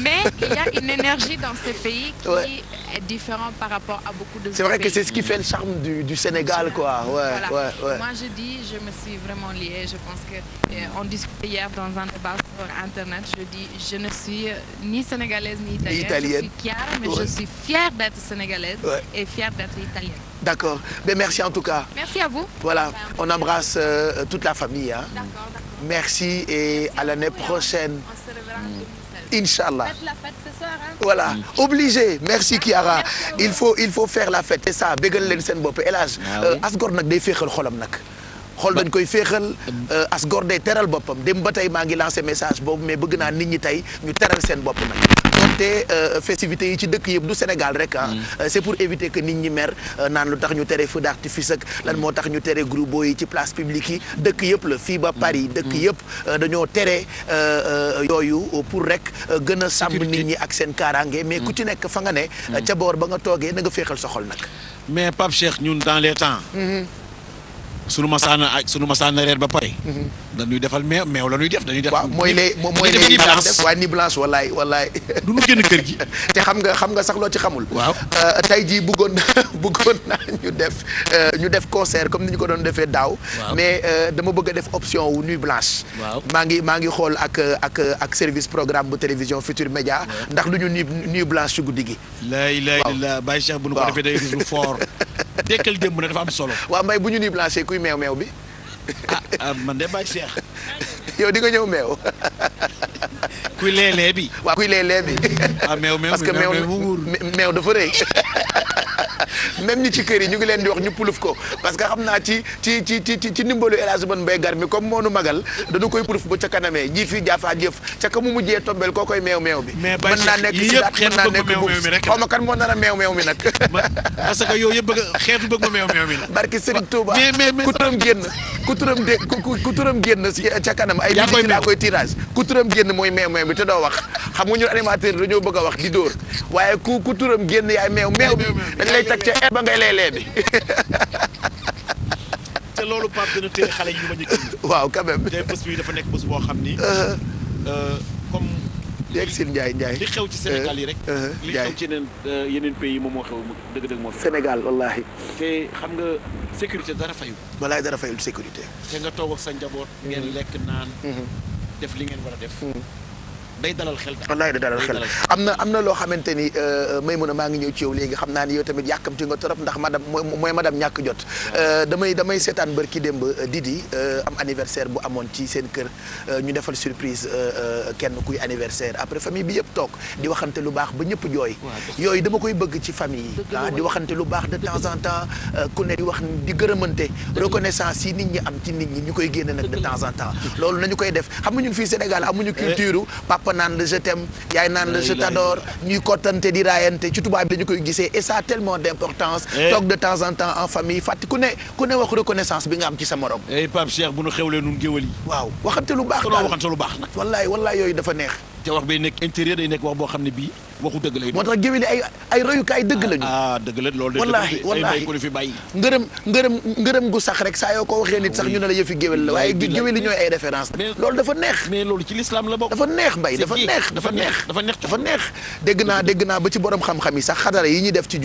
mais il qui est différente par rapport à beaucoup de C'est vrai que c'est ce qui fait le charme du, Sénégal, quoi. je dis, je me suis vraiment liée. Je pense qu'on euh, on hier dans un débat sur Internet. Je dis, je ne suis euh, ni sénégalaise ni italienne. Je suis fière, d'être sénégalaise et fière d'être italienne. D'accord. Ben merci en tout cas. Merci Voilà, on embrasse euh, toute la famille hein. Merci et à l'année prochaine. Inch'Allah. Faites la fête ce soir hein. Voilà, obligé. Merci Kiara. Il faut il faut faire la fête et ça bégal leen seen bopp El Hadj ah euh, asgor nag day féexal xolam nag. xool dañ koy féexal euh, as gor day teral boppam dem ba tey maa ngi lancé message boobu mais bëgg naa nit ñi tey ñu teral seen bopp nag. éviter euh, festivités yi ci dëkk yëpp du Sénégal rek ah. Mm. Euh, c'est pour éviter que nit ñi mer euh, naan lu tax ñu tere feu d'artifice ak lan moo tax ñu tere groupe yi ci place publique yi dëkk yëpp la fii ba Paris. Mm. dëkk mm. yëpp dañoo tere yooyu pour rek gën a sàmm nit ñi ak seen kaaraange mais ku ci nekk fa nga ne. ca boor ba nga toogee na nga féexal soxol nag. mais Pape Cheikh ñun dans les temps. Mm-hmm. sunu masaana ak sunu masaana reer ba pare. Mm-hmm. dañuy defal meew meew la ñuy def dañuy def. waaw mooy lay mooy lay maanaam def waaye ni blanche walaay walaay. du ñu génn kër gi. te xam nga xam nga sax loo ci xamul. waaw euh, tey jii bëggoon bëggoon naa ñu def euh, ñu def concert comme ni ñu ko doon defee daaw. mais euh, dama bëgg def option wu nuit blanche. waaw maa ngi maa ngi xool ak ak ak service programme bu télévision Futur Média. ndax lu ñu nuit nuit blanche ci guddi gi. laa ilaaha illallaah Baye Cheikh bu ñu ko defee day gis lu fort. dekkal solo. waaw mbay bu ñu nuit blanche kuy meew meew bi. Ah, ah man de Baye Cheikh yow di nga ñëw meew. kuy leelee bi. waaw kuy leelee bi. ah meew meew parce que meew meew dafa rëy. même ñi ci kër yi ñu ngi leen di wax ñu puluf ko parce que xam naa ci ci ci ci ci ndimbalu El Hadj Ban gar mi comme nu magal dañu koy puluf ba ca kanamee ji fi jaafaa jëf ca ka mu mujjee tombel koo koy meew meew bi. mën naa nekk si daat mën naa nekk buuf xaw ma kan moo a meew meew mi nag. parce que yow yëpp bëgg bëgg ma meew meew mi la. barki Serigne Touba ku turam génn ku turam génn ca kanam ay billets daa koy tirage ku turam génn mooy meew meew mi te doo wax xam nga ñu animateur bi dañoo bëgg a wax di dóor waaye ku ku turam génn yaay meew meew bi dañ lay tag ca ba ngay lee bi te loolu Pape xale yu ma waaw quand même. bi dafa nekk bés boo xam ni. Uh-huh. Euh, comme. di exil Ndiaye Ndiaye. li xew ci Sénégal yi rek. Eh, eh, li xew ci yeneen eh, yeneen pays yi moom moo xew dëgg-dëgg moo. Sénégal wallaahi. te xam nga sécurité dara fayu. balaay dara fayul sécurité. te nga toog ak sa njaboot. ngeen lekk naan. Mm-hmm. def li ngeen war a def. Mm-hmm. day dalal xel wallaay am na am na loo xamante ni may euh, euh, Maymuna maa ngi ñëw ci yow léegi xam naa ni yow tamit yàkkamti nga torop ndax madame mooy madame ñàkk jot euh, damay damay seetaan bër ki di di am anniversaire bu amoon ci seen kër ñu defal surprise kenn kuy anniversaire après famille bi yëpp toog di waxante lu baax ba ñëpp jooy yooyu dama koy bëgg ci famille yi ah di waxante lu baax de temps en temps ku ne di wax di gërëmante reconnaissance yi nit ñi am ci nit ñi ñu koy génne nag de temps temps loolu nañu koy def xam nga ñun fii Sénégal amuñu eh. culture papa naan la je t'aime yaay naan la je t'adore ñuy kottante di raayante ci tubaab bi dañu koy gisee et ça a tellement d'importance eh. toog de temps en temps en famille fàtti ku ne ku ne wax reconnaissance bi nga am ci sa morom eh, Pape Cheikh bu nu xewlee nun géwël yi waaw waxante lu baax nag wallaay wallaay yooyu dafa neex te wax bay nekk intérieur day nekk wax boo xam ne bii waxu dëgg lay moo tax géwél ay ay royukaay dëgg lañu ah dëgg la loolu de wallaahi wallaahi ko fi bàyyi ngërëm ngërëm ngërëm gu sax rek saa yoo ko waxee nit sax ñu ne la yëfi géwél la waaye géwél ñooy ay référence la bokk dafa neex dafa neex dafa neex dafa neex dafa naa ba ci borom xam-xam yi sax xadara yi ñuy def ci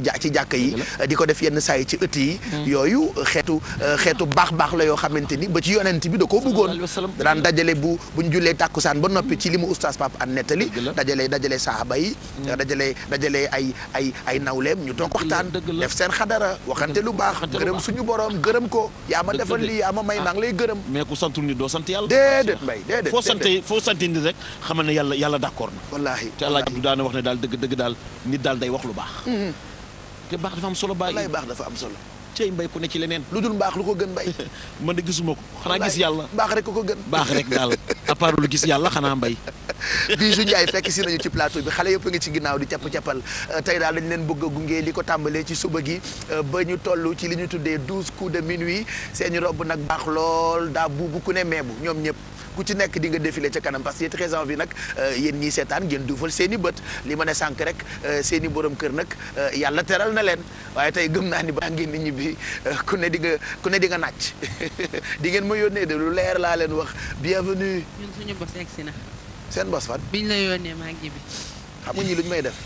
jàkk yi di ko def yenn saa yi ci ëtt yi hmm. yooyu xeetu euh, xeetu baax baax la yoo xamante ni ba ci yonent bi da koo bëggoon daan dajale bu buñ jullee li mu oustaz Pape an nettali dajale dajale saaba yi mm. dajale dajale ay ay ay nawleem ñu toog waxtaan def seen xadara waxante lu baax gërëm suñu borom gërëm ko yaa ma li lii yaa ma may ah. maa ngi lay gërëm mais ku santul ni doo sant yàlla déedéet mbay déedéet foo sante foo sante ni rek xamal ne yàlla yàlla d'accord na wallaahi te àlaaji Abdou daana wax ne daal dëgg dëgg daal nit daal day wax lu baax mm-hmm. te baax dafa am solo bàyyi baax dafa am solo cey mbay ku ne ci leneen lu dul mbaax lu ko gën mbay man de gisuma ko xanaa gis yàlla baax rek ku ko gën baax rek daal à part lu gis yàlla xanaa mbay Bijou Ndiaye fekk si nañu ci plateau bi xale yëpp a ngi ci ginnaaw di capp-cappal euh, tey daal dañ leen bëgg a gunge li ko tàmbalee ci suba gi euh, ba ñu toll ci li ñu tuddee douze coups de minuit seeni rob nag baax lool daa buubu ku ne meebu ñoom ñëpp ku ci nekk di nga défilé ca kanam parce que très envie nag euh, yéen ñii seetaan ngeen duufal seen bët li ma ne sànq rek euh, seeni boroom kër nag euh, yàlla teral na leen waaye tey gëm naa ni baa ngeen nit ñi bi ku ne di nga ku ne di nga naaj di ngeen ma yónnee de lu leer laa leen wax bienvenue. ñun suñu bos egsi na. seen bos fan. biñ la ne maa ngi bi. xam nga ñii luñ may def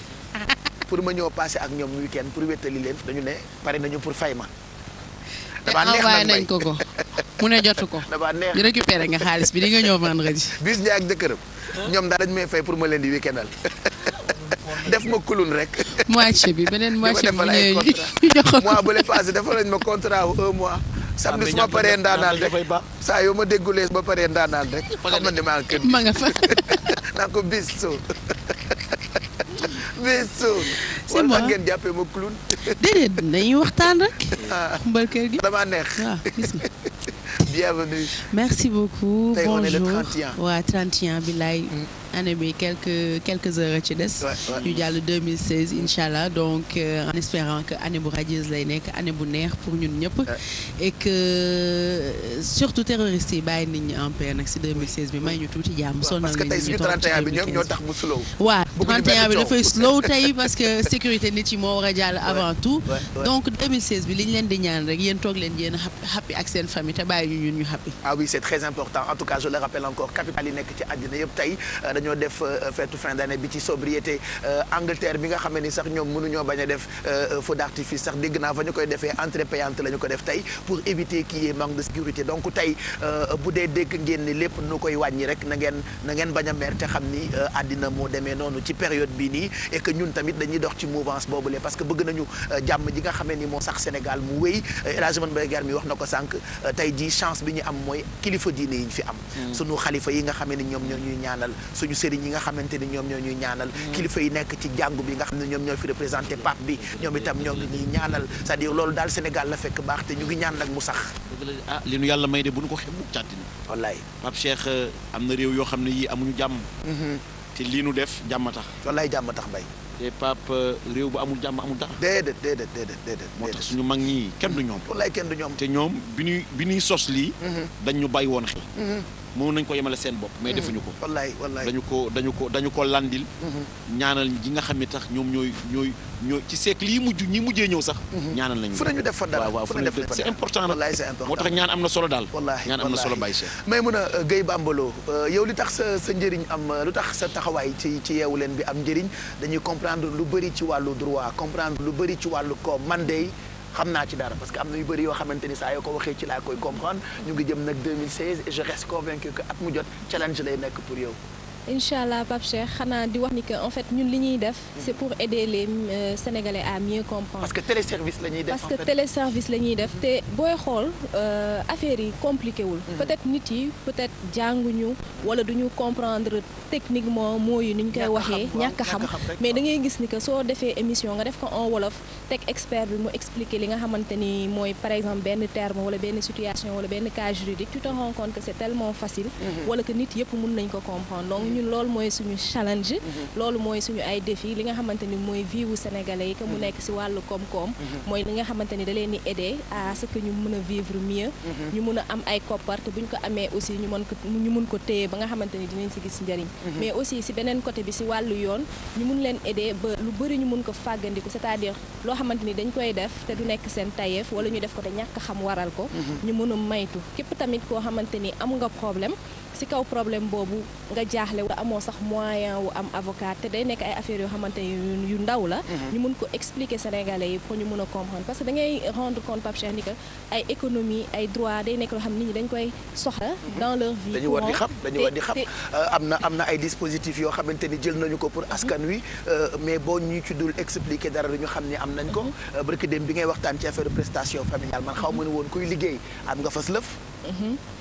pour ma ñëw passé ak ñoom week-end pour wéttali leen dañu ne pare nañu pour fay ma. damaa neex nañ ko ko. mu ne jotu ko. dafa nga xaalis bi li nga ñëw vendredi. bis Ndiaye ak jëkkëram. ñoom daal dañ may fay pour ma leen di weekendal def ma kulun rek. moitié bi beneen moitié bi bu ñëwee ñu jox ko mois bu le passé dafa lañ ma contrat wu un mois. samedi su ma paree ndaanaan rek saa yoo ma déggulee ba paree ndaanaan rek. xam nga ma nga fa. naa ko bis soo bis soo. c'est moi wala ngeen jàppee ma kulun. déedéet dañuy waxtaan rek. Ah. xumbal kër gi damaa neex waaw ah, gis nga. bienvenue. merci beaucoup Tey, bonjour tey on est le 31. waaw ouais, 31 bi laay. année bi quelques quelques heures ci des ñu jàll 2016 incha allah donc euh, en espérant que année bu radieuse lay nekk année bu neex pour ñun ñëpp et que euh, surtout terroristes yi bàyyi nit ñi en paix si bi may ñu tuuti jàmm sonal nañu parce que ñoo tax mu slow waaw 31 bi dafay slow tey parce que sécurité ni yi moo a jàll avant tout donc 2016 bi li leen di ñaan rek yéen toog leen yéen happy ak seen famille te bàyyi ñu ñun ñu happy ah oui c'est très important en tout cas je le rappelle encore yëpp tey euh, ñoo def euh, feetu fin d'année bi ci sobriété euh, Angleterre bi nga xam ne ni sax ñoom mënuñoo bañ a def euh, feu d'artifice sax dégg naa fa ñu koy defee entrée payante la ñu ko def tey pour éviter qu'il y ait manque de sécurité donc tey bu dee dégg ngeen ni lépp nu koy wàññi rek na ngeen na ngeen bañ a mer te xam ni àddina moo demee noonu ci période bii nii et que ñun tamit dañuy dox ci mouvance boobule parce que bëgg nañu jàmm ji nga xam ni moo sax Sénégal mu wéy élargement Baye mi wax na ko sànq tey jii chance bi ñu am mooy kilifa diine yi ñu fi am. Mm. sunu xalifa yi nga xam ni ñoom ñoo ñuy ñaanal suñu sëriñ yi nga xamante ni ñoom ñoo ñuy ñaanal mm. kilifa yi nekk ci jàngu bi nga xam ne ñoom ñoo fi représenté pape bi ñoom itam ñoo ngi ñuy ñaanal cest à loolu daal Sénégal la fekk baax te ñu ngi ñaan nag mu sax ah li nu yàlla may de bu nu ko xebu càttin wallaay Pape Cheikh euh, am na réew yoo xam ne yii amuñu jàmm mm-hmm. te lii nu def jàmm tax wallaay jàmm tax bay te Pape euh, réew bu amul jàmm amul dara déedéet déedéet déedéet déedéet moo tax suñu mag ñi kenn du ñoom wallaay kenn du ñoom te ñoom bi ñuy bi ñuy sos lii mm-hmm. dañ mënoon nañ ko yemale seen bopp. mais hmm. defuñu ko. wallaay wallaay dañu ko dañu ko dañu ko landil. Hmm. ñaanal ji nga xam ne tax ñoom ñooy ñooy ñooy ci siècle yi mujj ñi mujjee ñëw sax. Hmm. ñaanal nañu fu nañu def fa dara waaw fu nañu def c'est important nag wallaay c'est important moo tax ñaan am na solo daal. wallaay ñaan am na solo Baye Cheikh. Maimouna euh, Gueye Bambalo euh, yow li tax sa sa njëriñ am euh, lu tax sa taxawaay ci ci yeewu leen bi am njëriñ dañuy comprendre lu bëri ci wàllu droit comprendre lu bëri ci wàllu ko man dey xam naa ci dara parce que am na yu bëri yoo xamante ni saa yoo ko waxee ci laa koy comprendre ñu ngi jëm nag 2016 et je reste convaincu que at mu jot challenge lay nekk pour yow incha allah Pape Cheikh xanaa di wax ni que en fait ñun li ñuy def. c'est pour aider les euh, Sénégalais à mieux comprendre. parce que téléservice la ñuy def parce que la ñuy def te booy xool euh, affaire yi compliqué wul. Mm-hmm. peut-être nit yi peut-être ñu wala duñu comprendre techniquement mots yi ni ñu koy waxee. ñàkk a xam mais da ngay gis ni que soo defee émission nga def ko en wolof teg expert bi mu expliquer li nga xamante ni mooy par exemple benn terme wala benn situation wala benn cas mm-hmm. wala que nit yëpp mën nañ ko comprendre ñun loolu mooy suñu challenge mhm. loolu mooy suñu ay défi li nga xamante ni mooy vie wu yi mu mhm. nekk si wàllu koom-koom mhm. mooy nga xamante ni da leen di aider à ce ñu mën a vivre mieux ñu mun a am ay koppar te bu ñu ko amee aussi ñu mën ko ñu mën ko téye ba nga xamante ni dinañ si gis njëriñ mais aussi si beneen côté bi si wàllu yoon ñu mun leen aider ba lu bari ñu mun ko fàggandiku c'est-à-dire loo xamante ni dañ koy def te du nekk seen tayeef wala ñu def ko te ñàkk xam waral ko ñu mun a maytu képp tamit koo xamante ni am nga problème si kaw problème boobu nga jàppale wala amoo sax moyen wu am avocat te day nekk ay affaires yoo xamante yu ndaw la mhm. ñu mun ko expliquer sénégalais yi pour ñu mun a comprendre parce que da ngay rendre compte Pape Cheikh ni que ay économie ay droit day nekk loo xam nit ñi dañ koy soxla mhm. dans leur vie dañu war di xam dañu war di euh, am na am na ay dispositifs yoo xamante ni jël nañu ko pour mhm. askan wi euh, mais boo ñu ci dul expliquer dara du ñu xam ni am nañ ko euh, barki dem bi ngay waxtaan ci affaire prestation familiale man xaw ma ne woon kuy liggéey am nga fas lëf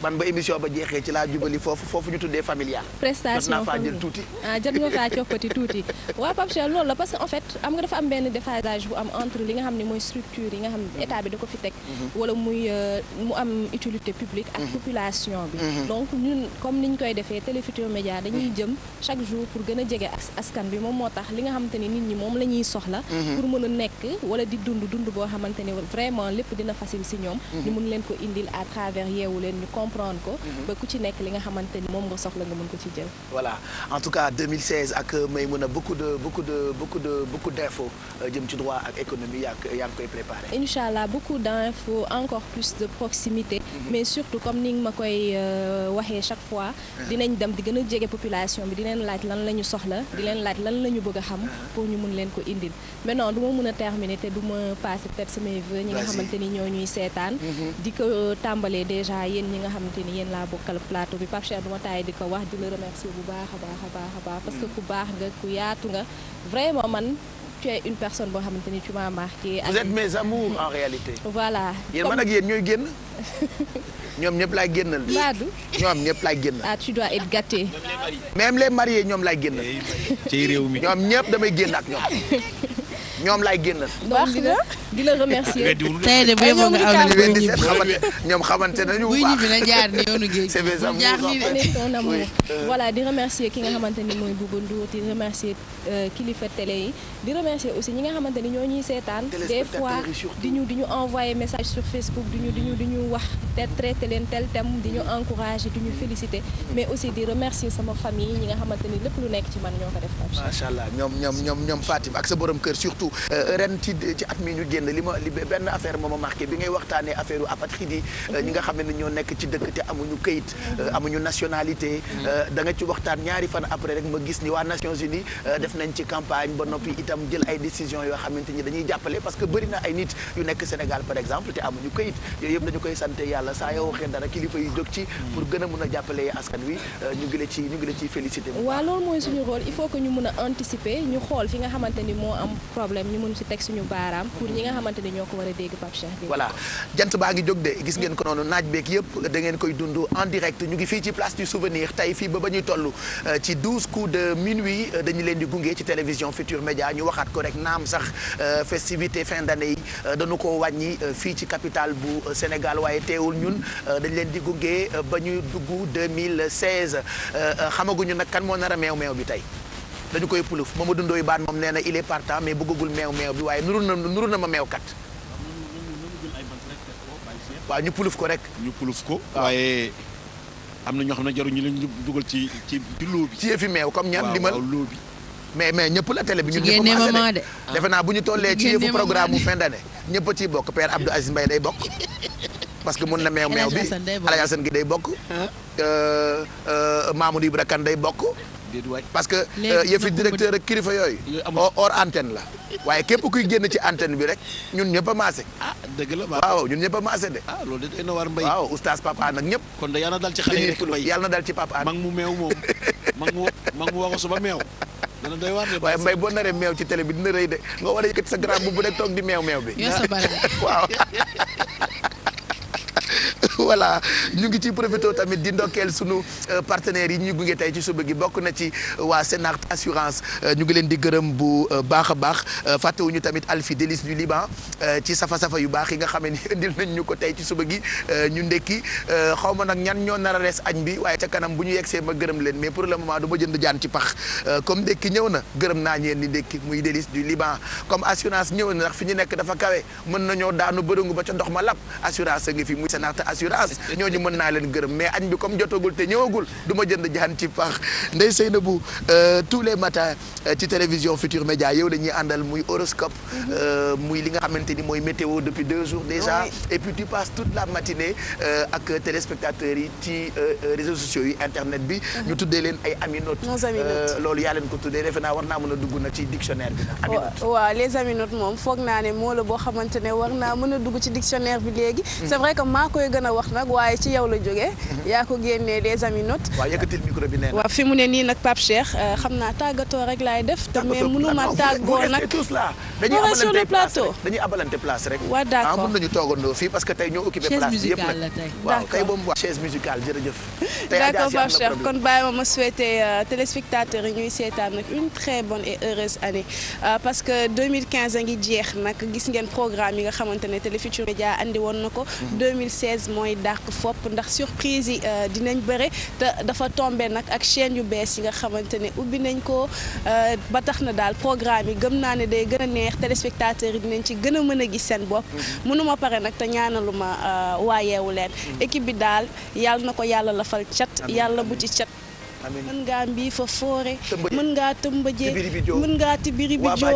man ba émission ba jeexee ci laa jubali foofu foofu ñu tuddee familial naa faa jël tuuti ah, jot nga faa coppati tuuti waaw Pape Cheikh loolu la parce que en fait am nga dafa am benn déphasage bu am entre li nga xam ne mooy structure yi nga xam ne état bi da ko fi teg mhm. wala muy euh, mu am utilité publique ak mhm. population bi mhm. donc ñun comme ñu koy defee Télé Futurs Médias dañuy jëm chaque jour pour gën a jege askan bi moom moo tax li nga xamante ni nit ñi moom la ñuy soxla pour mën a nekk wala di dund dund boo xamante ni vraiment lépp dina facile si ñoom ñu mun leen ko indil à travers yeewu leen ñu comprendre ko ku ci nekk li nga xamante ni moom nga soxla nga mun ko ci jël voilà en tout cas ak Maïmouna beaucoup de beaucoup de beaucoup de beaucoup d'infos euh, jëm ci droit ak économie yaa yaa ngi koy préparé. incha allah beaucoup d'infos encore plus de proximité. Mm -hmm. mais surtout comme ni nga ma koy euh, waxee chaque fois. dinañ dem di gën a jege population bi di leen laaj lan la ñu soxla. di leen laaj lan la ñu bëgg xam. pour ñu mun leen ko indil mais non du mën a terminer te du ma passer samay vœux ñi nga xamante ni ñoo ñuy seetaan. Mhm. di ko tàmbalee déjà yéen ñi nga xamante ni yéen laa bokkal plateau bi Pape Cheikh du ma taay di ko wax baax a baax baax baax parce que ku baax nga ku yaatu nga vraiment man tu une personne boo xamante ni tu m'as marqué. vous êtes mes amours en réalité. voilà yéen man ak yéen ñooy génn. ñoom ñëpp laay génnal. Badou ñoom ñëpp laay génnal. ah tu dois même les mariés ñoom laay génnal. ci réew mi ñoom ñëpp damay génn ak ñoom. ñoom laay génnal. baax na la remercier. tey de booy bëgg aw ñoom xamante nañu bu baax buy ñibbi na jaar ni yoonu géej. jaar di remercier ki nga xamante ni mooy Bouba Ndour di remercier euh, kilifa télé yi di remercier aussi ñi nga xamante ni ñoo ñuy seetaan. des fois di ñu di ñu envoyer message sur Facebook di ñu di ñu di ñu wax te traité leen tel thème di ñu encourager di ñu féliciter mais aussi di remercier sama famille ñi nga xamante ni lépp lu nekk ci man ñoo ko def. macha allah ñoom ñoom ñoom Fatim ak sa borom kër surtout surtout euh, ren ci ci at mi ñu génn li ma li benn affaire moo ma marqué bi ngay waxtaanee affaire apatride yi euh, ñi nga xam ne ñoo nekk ci dëkk te amuñu këyit euh, amuñu nationalité da ci waxtaan ñaari fan après rek ma gis ni waa Nations Unies def nañ ci campagne ba noppi itam jël ay décision yoo xamante ni dañuy jàppale parce que bëri na ay nit yu nekk Sénégal par exemple te amuñu këyit yooyu koy sante yàlla a mun a jàppale askan wi ñu ngi la ci ñu ngi la ciy félicité waaw loolu mooy suñu rôle il faut que ñu mun a anticiper ñu xool fi nga xamante ni moo am problème problème ñu mën ci teg suñu baaraam pour ñi nga xamante ni ñoo ko war a dégg Pape Cheikh voilà jant baa ngi jóg de gis ngeen ko noonu naaj beek yëpp da ngeen koy dund en direct ñu ngi fii ci place du souvenir tey fii ba ba ñuy toll euh, ci 12 coups de minuit euh, dañu leen di gunge ci télévision Futur Média ñu waxaat ko rek naam sax euh, festivité fin d'année yi dañu ko wàññi fii ci capitale bu Sénégal waaye teewul ñun dañ leen di gunge ba ñu dugg 2016 xamaguñu nag kan moo nar a meew bi tey dañu koy puluf Mamadou Ndoye Bane moom nee na il est partant mais bëggagul meew meew bi waaye nuru na ma meew kat. waaw ñu puluf ko rek. ñu puluf ko. waaye am na ñoo xam ne jarul ñu leen dugal ci ci ci loo ci yëfi meew comme ñaan limal waaw loo bi. mais ñëpp la télé bi ñu ñëpp a de defe naa bu ñu tollee ci yëfu programme bu fin d'année ñëpp a ciy bokk Mbaye day bokk parce que mun na meew meew bi El Hadj gi day bokk euh, euh, Mamadou Ibra Kane day bokk parce que euh, yëfi directeur ak kilifa yooyu hors antenne la waaye képp kuy génn ci antenne bi rek ñun ñëpp a maase ah, la waaw ñun ñëpp a maase de ah loolu de na war waaw oustaz papa nag ñëpp kon de yàlla na dal ci xale yi rek mbay yàlla na dal ci papa mag mu meew moom mag mu mag mu meew waaye mbay boo naree meew ci télé bi dina rëy de nga war a yëkkati sa grand bu bu rek toog di meew meew bi waaw voilà ñu ngi ci profité tamit di ndokkeel sunu euh, partenaires yi ñu gunge tey ci suba gi bokk na ci euh, waa Sénart assurance euh, ñu ngi leen di gërëm bu baax a baax fàttewuñu tamit Alfi délice du Liban ci safa-safa yu baax yi nga xam ni indil nañ ñu ko tey ci suba gi ñu ndekki xaw ma nag ñan ñoo nar a rees añ bi waaye ca kanam bu ñu yegsee ma gërëm leen mais pour le moment du ma jënd jaan ci pax comme ndekki ñëw na gërëm naa ñeen ni ndekki muy délice du Liban comme assurance ñëw na ndax fi ñu nekk dafa kawe mën nañoo daanu bërëngu ba ca ndox ma lap assurance a ngi oustaz ñooñu mën naa leen gërëm mais añ bi comme jotagul te ñëwagul du ma jënd jaan ci pax ndey Seynabou euh, tous les matins euh, ci télévision Futur Média yow la àndal muy horoscope mhm. euh, muy li nga xamante ni mooy météo depuis deux jours déjà et puis tu passes toute la matinée ak téléspectateurs yi ci réseaux sociaux yi internet bi mhm. ñu tuddee leen ay aminotes loolu yaa leen ko tuddee defe naa war naa mën a dugg nag ci dictionnaire bi aminotes waaw les aminotes moom foog naa ne moo la boo xamante ne war naa mën a dugg ci dictionnaire bi léegi mm. wax waaye ci yow la jógee. Mhm. yaa ko génnee des aminotes. waaw yëkkatil micro bi fi mu ne nii nag Pape Cheikh euh, xam naa tàggatoo rek laay def. tàggatoo mais mënuma tàggoo nag. dañuy nañu ah, toogandoo fii parce que tey ñoo occupé place bi yëpp nag. chaise musicale la tey waaw tey boobu waa chaise euh, seetaan nag une très bonne et heureuse année euh, parce que a ngi jeex nag gis ngeen programme yi nga xamante ne Télé Futurs Médias andi woon na ko 2016 mhm. dàq fopp ndax surprise yi euh, dinañ bëre te dafa tombe nag ak chaîne yu bees yi nga xamante ne ubbi nañ ko euh, ba tax na daal programme yi gëm naa ne day gën a neex téléspectateurs yi dinañ ci gën a mën a gis seen bopp. Mm-hmm. mënuma pare nag te ñaanalu ma euh, waa yeewu leen. Mm-hmm. équipe bi daal yàlla na ko yàlla lafal cat yàlla bu ci cat. mën ngaa mbii fa foore mën ngaa tëmbajee mën ngaa tibiri bi joo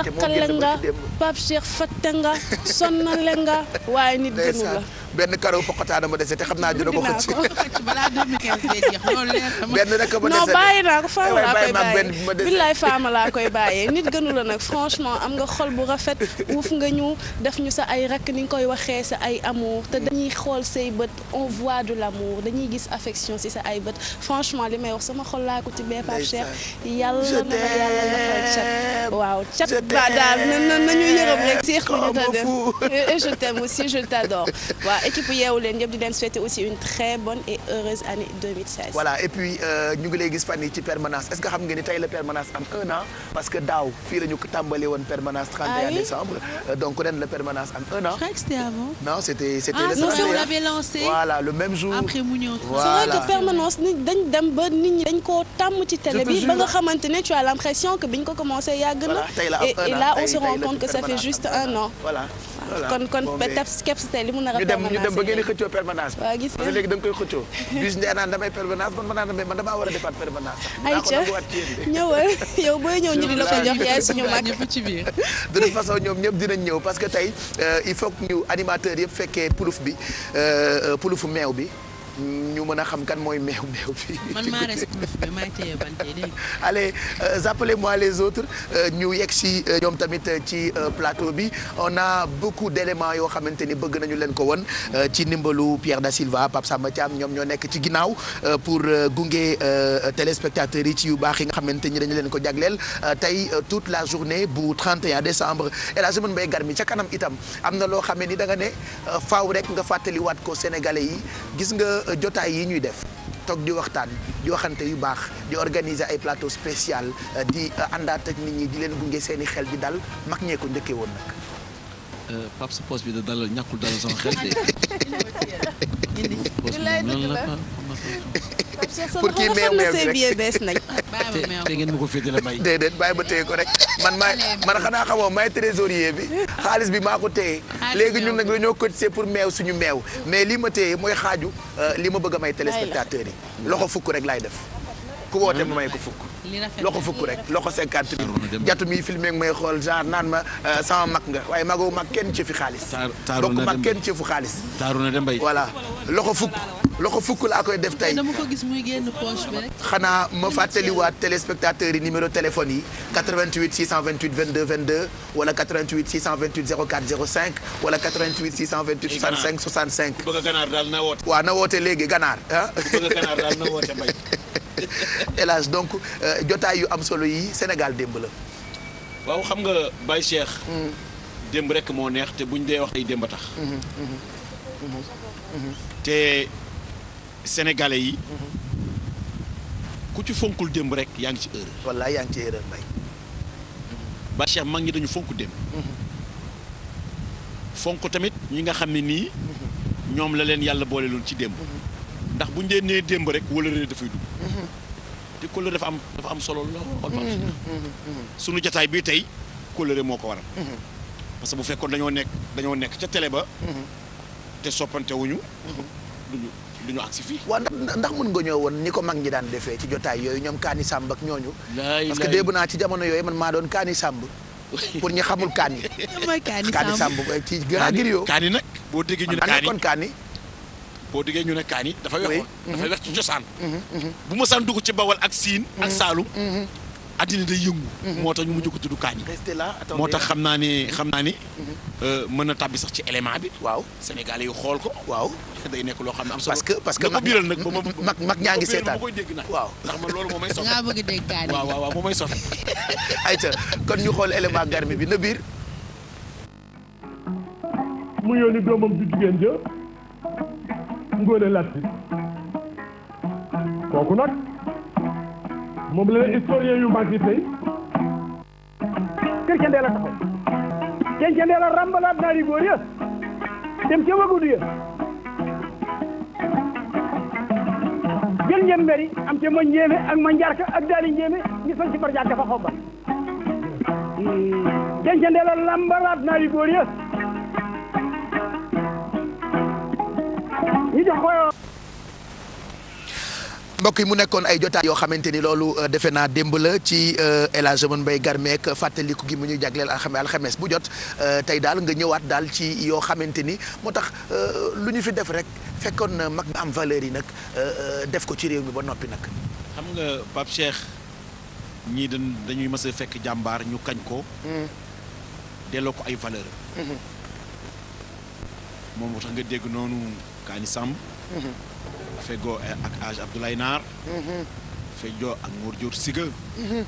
lakkale nga Pape Cheikh fatte nga sonnale nga waaye nit gënu benn karaw foqataana ma dese te xam naa dina ko xëcc. balaa 2015 lay jeex loolu leer na benn rek ma dese non bàyyi naa ko faama laa koy bàyyi billaay am nga xol bu rafet nga ñu def ñu sa ay rakk ni nga koy waxee sa ay amour te dañuy xool say bët on voit de l'amour dañuy gis affection si sa ay bët franchement li may wax sama xol laa ko ci bee Pape Cheikh yàlla na ma yàlla na xool cat waaw cat ba daal na nañu yërëm équipe yeewu leen ñëpp di leen souhaiter aussi une très bonne et heureuse année 2016. voilà et puis euh, ñu ngi lay gis fan yi ci permanence est-ce que xam nga ni tey la permanence am un an parce que daaw fii la ñu ko tàmbali woon permanence. 31 ah décembre euh, donc ren la permanence am un an. je crois que c'était avant. non c'était c'était ah, le. non on l'avait lancé voilà le même jour. après mu ñëw voilà c'est vrai que permanence nit dañ dem ba nit ñi dañ koo tàmm ci télé bi ba nga xamante ne tu as l'impression que biñ ko commencé yàgg na. voilà tey la am un an et là on se rend compte que ça fait juste un an. voilà. kon kon Kapsitel li mu nar a permanence ñu dem ba ngeen di xëccoo permanence bi. waaw gis nga parce que léegi koy xëccoo. bis nee damay permanence man ma naan damay war a defaat permanence. ayca ñëwal yow booy ñëw ñu di la jox yaay suñu mag ñëpp ci biir. de toute façon ñoom ñëpp dinañ ñëw parce que tey euh, il faut que ñu animateurs yëpp fekkee puluf bi euh, euh, pulufu meew bi ñu mën a xam kan mooy meew meew bi. man maa responsable maa euh, les autres euh, ñu yegg si euh, ñoom tamit ci plateau bi on a beaucoup d'éléments yoo xamante ni bëgg nañu leen ko won ci ndimbalu Pierre da Silva Pape Samba Thiam ñoom ñoo nekk ci ginnaaw pour gunge téléspectateurs yi ci yu baax yi nga xamante ni dañu leen ko jagleel tey toute la journée bu 31 décembre et la semaine bay gar mi ca kanam itam am na loo xamee ni da nga ne faaw rek nga fàttaliwaat ko Sénégalais yi jotaay yi ñuy def toog di waxtaan di waxante yu baax di organiser ay plateau spéciale euh, di euh, àndaat ak nit ñi di leen gunge seeni i xel di dal mag ñee ko njëkkee woon nag. Euh, Pape sa poste bi da dalal ñàkkul dalal sama xel de. pour kii meew meew rek te ngeen ma ko féete la may déedéet bàyyi ma ko rek man maay man xanaa xamoo maay trésorier bi xaalis bi maa ko téye léegi ñun nag dañoo cotiser pour meew suñu meew mais lii ma téye mooy xaaju euh, li ma bëgg a may téléspectateurs yi loxo fukk rek laay def ku woote ma may ko fukk loxo fukk rek loxo cinquante mille jatu miy filmé ak may xool genre naan ma euh, sama mag nga waaye magoo mag kenn ci fi xaalis donc mag kenn ci fu xaalis taaru na dem bay voilà loxo fukk loxo fukk laa koy def tey dama ko gis muy génn poche bi rek xanaa ma fàttaliwaat téléspectateurs yi numéro téléphone yi 88 628 22 22 wala 88 628 04 05 wala 88 628 65 65 bëgg ganaar daal na woote léegi ganaar ah bëgg El donc euh, jotaay yu am solo yi Sénégal démb la. waaw xam nga Baye Cheikh. Hmm. démb rek moo neex te buñ dee wax ay démb tax. Hmm, hmm, te sénégalais yi. ku ci fonkul démb rek yaa ngi ci erreur. wallaay yaa ngi ci mag ñi dañu fonk démb. fonk tamit ñi nga xam ne nii. ñoom la leen yàlla boole loolu ci démb. ndax bu ñu dee nee démb rek wóllare dafay dugg. Mhm. te kóllare dafa am dafa am solo lool. Mhm, mhm, sunu jataay bii tey kóllare moo ko waral. parce que fekkoon dañoo nekk dañoo nekk ca tele ba. te soppante wuñu. duñu duñu agsi fii. waaw ndax ndax mën nga ñëw woon ñi ko mag ñi daan defee ci jotaay yooyu ñoom Kaani Samb ak ñooñu. parce que démb naa ci jamono yooyu man maa doon Kaani Samb. pour ñu xamul Kaani. mooy Kaani Samb Kaani Samb eh, ci gën a yoo. Kaani nag boo déggee ñu ne Kaani Kaani. boo digee ñu ne kaani dafa weexoon mhm. dafa weex ci cosaan mhm. Mhm. bu ma saan dugg ci bawal ak siin ak saalum addina day yëngu moo tax ñu mujj ko tudd kaani moo tax xam naa ne xam naa ne euh, mën na tàbbi sax ci élément bi waaw sénégalais yu xool ko waaw day nekk loo xam ne am solo parce que parce que ma biral nag mag mag ñaa ngi seetaan ma koy dégg nag waaw ndax man loolu moo may soxla nga bëgg dégg kaani waaw waaw waaw moo may soxla ayca kon ñu xool élément garmi bi na biir mu yónni ngóone latti kooku nag moom la leen historien yu mag yi tey kër ca ndeel a taxaw kër ca ndeel rambalaat naari góor ya dem ca wagudu ya jël njëm mberi am ca ma njéeme ak ma ak daali njéeme ñu sañ ci barjaag dafa xobba kër ca ndeel a rambalaat naari góor ya ñu jox mbokk yi mu nekkoon ay jotaay yoo xamante ni loolu euh, defe naa démb la ci euh, El Hadj Oumar Mbaye Garmeek fàttaliku gi mu ñuy jagleel alxame alxames bu jot euh, tey daal nga ñëwaat daal ci yoo xamante ni moo tax lu ñu fi def rek fekkoon na mag am valeur yi nag def ko ci réew mi ba noppi nag. xam nga Pape Cheikh ñii dañ dañuy mës fekk jàmbaar ñu kañ ko. Hmm. delloo ko ay valeur hmm. moom moo tax nga dégg noonu. Kaani Samb. Mhm. fegoo eh, ak Aj Abdoulaye Naar. Mhm. fegoo ak Mor Dior Siga. Mhm.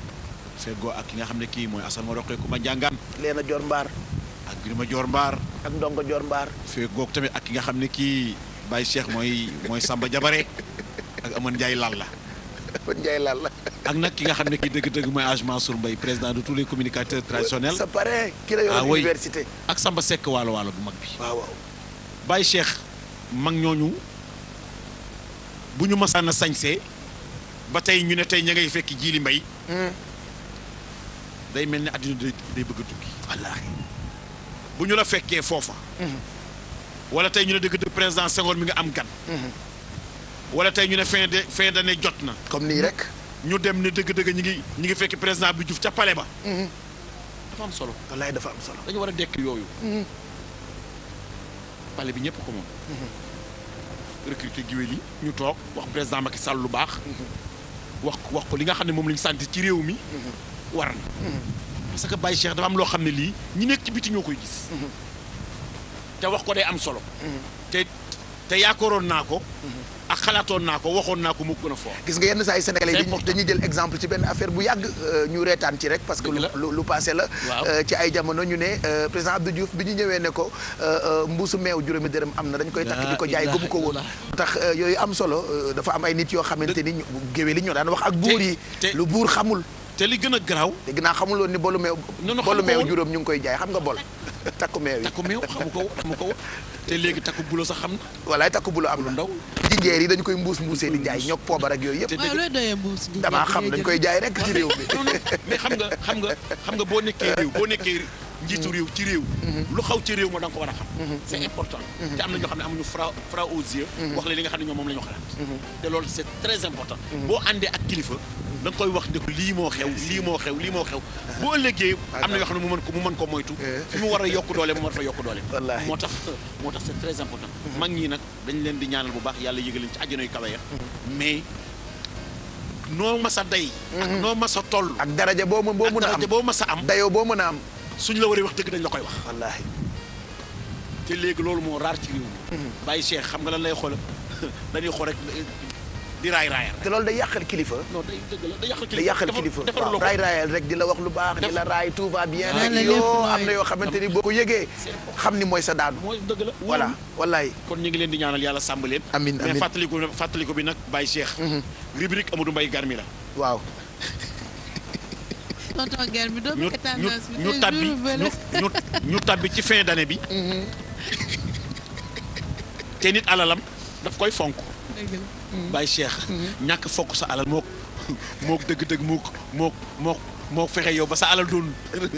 fegoo ak ki nga xam ne kii mooy Assane Morokoy ku ma jàngaan. Leena Dior Mbaar. ak Birima Dior Mbaar. ak Ndongo Dior Mbaar. fegoo tamit ak ki nga xam ne kii Baye Cheikh mooy mooy Samba Jabare ak Amane Ndiaye Lalla. Amane Ndiaye Lalla. ak nag ki nga xam ne kii dëgg-dëgg mooy Aj Mansour Mbaye président de tous les communicateurs traditionnels. sa pare ki la yor ah université. ak Samba Seck waalo waalo bu mag bi. waaw waaw mag ñooñu bu ñu masaan a sañsee ba tey ñu ne tey ña ngay fekk jiili mbay hmm. day mel ni àddina day bëgg a tukki bu ñu la fekkee foofa hmm. wala tey ñu ne dëgg de président Senghor mi ngi am gan hmm. wala tey ñu ne fin de fin d'année jot na comme nii rek ñu dem ne dëgg-dëgg ñi ngi ñi ngi fekk président bi Diouf ca palais ba dafa am solo wallaay dafa am solo dañu war a dekk yooyu palais bi ñëpp ko moom. Mhm. recruter géwél yi ñu toog wax président Macky Sall lu baax. Mhm. wax wax ko li nga xam ne moom la ñu ci réew mi. Mhm. war na. parce que Baye Cheikh dafa am loo xam ne lii ñu nekk ci biti ñoo koy gis. te wax ko day am solo. te yaakaaroon naa ko. ak xalaatoon naa ko waxoon naa ko mu gën a fort. gis nga yenn saa yi sénégalais yi dañuy jël exemple ci benn affaire bu yàgg euh, ñu reetaan ci rek. parce que lu lu passé la. Euh, ci ay jamono ñu ne euh, président Abdou Diouf bi ñu ñëwee ne ko mbuusu meew juróomi dërëm am na dañ koy takk di ko jaay gëmu ko woon. tax yooyu am solo dafa am ay nit yoo xamante ni géwél yi ñoo daan wax ak buur yi. lu buur xamul. te li gën a garaaw. te gën a xamul woon ni bolu meew. bolu meew juróom ñu ngi koy jaay xam nga bol. takku meew yi takku meew xamu ko xamu ko te léegi takku bulo sax xam na. walaay takku bulo am na ndaw. jinjeer yi dañ koy mbuus mbuusee di jaay ñoog poobar ak yooyu yëpp. waaw looy damaa xam dañ koy jaay rek ci réew mi. mais xam nga xam nga xam nga boo nekkee réew boo nekkee njiitu réew ci réew mhm. lu xaw ci réew ma da ko war a xam mhm. c'est mhm. important te am na ñoo xam ne am fra fra aux wax la li nga xam ne ñoom moom la ñu xalaat te loolu c'est très important boo àndee ak kilifa da koy wax ne lii moo xew lii moo xew lii moo xew ah. boo ëllëgee ah. am na yoo xam ne mu mën ko mu mën ko moytu eh. fi mu war a yokk doole mu war fa yokk doole moo tax moo tax c'est très important mag ñi nag dañ leen di ñaanal bu baax yàlla yëgal leen ci àjjana yu kawe ya mais noo mas a day ak noo mas a toll ak daraja boo boo mën a am boo mas a am dayoo boo mën a am suñ la waree wax dëgg dañ la koy wax. wallaahi. te léegi loolu moo raar ci réew mi. Mhm. bàyyi xam nga lan lay xool dañuy xool rek di raay raayal. te loolu day yàq kilifa. non day la day yàqal kilifa day yàqal kilifa raay raayal rek di la wax lu baax. di la raay tout va bien rek yoo am na yoo xamante ni boo ko yëgee. xam ni mooy sa daanu. mooy dëgg la voilà wallaay. kon ñu ngi leen di ñaanal yàlla sàmb leen. amiin amiin mais fàttaliku fàttaliku bi nag bàyyi Cheikh. Mhm. rubrique Amadou Mbaye Garmi la waaw. ñu tabbi ñu tabbi ci fin d'année bi mm-hmm. te nit alalam daf koy fonk mm-hmm. bàyyi cheikh mm-hmm. ñàkk fonk sa alal mook mook dëgg-dëgg mook mook mook moo fexe yow ba sa alal doon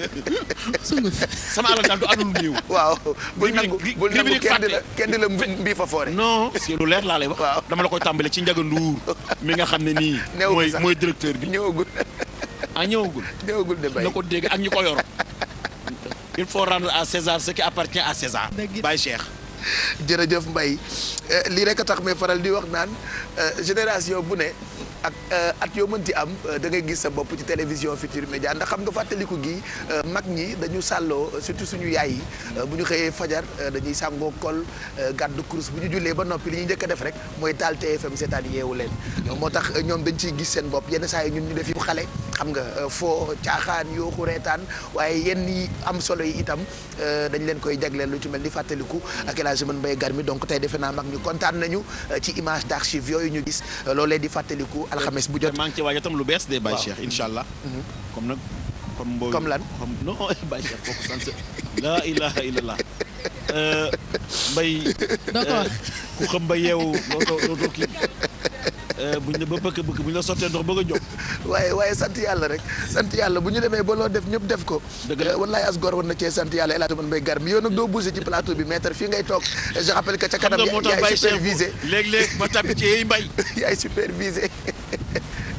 sama alal daal du alal néew waaw bul nangu bul nangu kenn la mbii fa foore non lu leer laa lay wax dama la koy tàmbale ci njaganduur mi nga xam ne nii mooy directeur bi ah ñëwagul. ñëwagul de Baye na ko dégg ak ñu ko yor il faut rendre à César ce qui appartient à César. bay Cheikh. jërëjëf mbay euh, lii rek a tax may faral di wax naan euh, génération bu ne. ak euh, at yoo mënti am euh, dangay gis sa bopp ci télévision Futurs Médias ndax xam nga fàttaliku gi euh, mag ñi dañu sàlloo surtout suñu yaay yi bu ñu xëyee fajar dañuy sàngoo kol gàddu kurus bu ñu jullee ba noppi li ñu njëkk a def rek mooy taal TFM seetaan yeewu leen moo tax ñoom dañ ciy gis seen bopp yenn saa yi ñu def yu xale xam nga foo caaxaan yooxu reetaan waaye yenn yi am solo yi itam dañ leen koy jagleel lu ci mel ni fàttaliku ak El Hadj Mbaye Garmi donc tey defe naa mag ñu kontaan nañu ci image d'archive yooyu ñu gis loolee di fàttaliku alxames bu jot. maa ngi ci waaj tam lu bees de Baye Cheikh incha allah. la ilaha illallah euh, euh, ku xam ba yeewu Euh, buñ la ba pëkk bëkk buñ la sottee ndox bëgg a jóg waaye waaye sant yàlla rek sant yàlla bu ñu demee ba loo def ñëpp def ko euh, wallaay as góor war na cee sant yàlla El Hadj Oumar Mbaye Gar mi yow nag doo bougé ci plateau bi maître fii ngay toog je rappelle que ca kanam yaay supervisé léeg-léeg ma tàbbi ci mbay yaay supervisé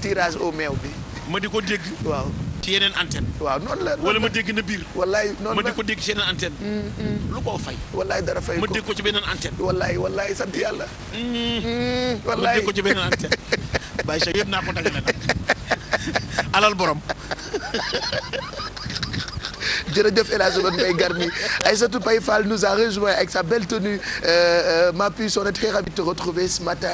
tirage au meew bi ma di ko dégg waaw ci yeneen antenne. waaw noonu la wala ma dégg na biir. wallaay noonu ma di ko dégg ci yeneen antenne. Mm, mm. lu koo fay. wallaay dara fay ma dégg ko ci beneen antenne. wallaay wallaay sant yàlla. Mm. wallaay ma dégg ko ci beneen antenne. Baye Cheikh yëpp naa ko dagale nag alal borom. jërëjëf El Hadj Olof Mbaye Garmi Aïssatou Paye Fall nous a rejoint avec sa belle tenue euh, euh, ma puce on est très ravi de te retrouver ce matin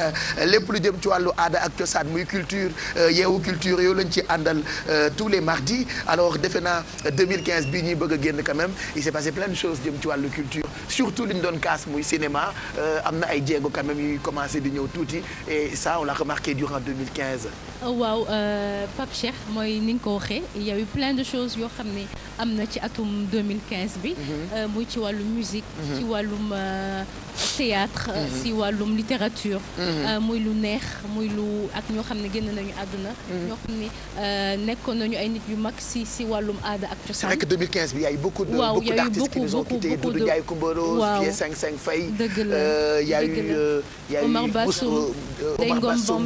lépp lu jëm ci wàllu aada ak cosaan muy culture euh, yeewu culture yow lañ ci àndal tous les mardis alors defe naa 2015 bii ñuy bëgg a génn quand même il s'est passé plein de choses jëm ci wàllu culture surtout li ñu doon kaas muy cinéma am na ay jéego quand même yuy commencé di ñëw tuuti et ça on l'a remarqué durant 2015. Euh, waaw euh, Pape Cheikh mooy ni nga ko waxee y a eu plein de choses yoo xam ne am na ci atum 2015 bi. Mhm. Euh, muy ci wàllum musique. Mhm. ci wàllum théâtre. Mhm. ci wàllum littérature. muy lu neex muy lu ak ñoo xam ne génn nañu àdduna. ñoo xam ne nekkoon nañu ay nit yu mag si si wàllum aada ak cosaan. c'est vrai que 2015 bi y a eu beaucoup de beaucoup d'artistes qui nous ont quittés Doudou Ndiaye Coumba Rose. waaw Vieux Cinq Cinq Faye. dëgg la dëgg la y a eu y a eu Omar Bassoum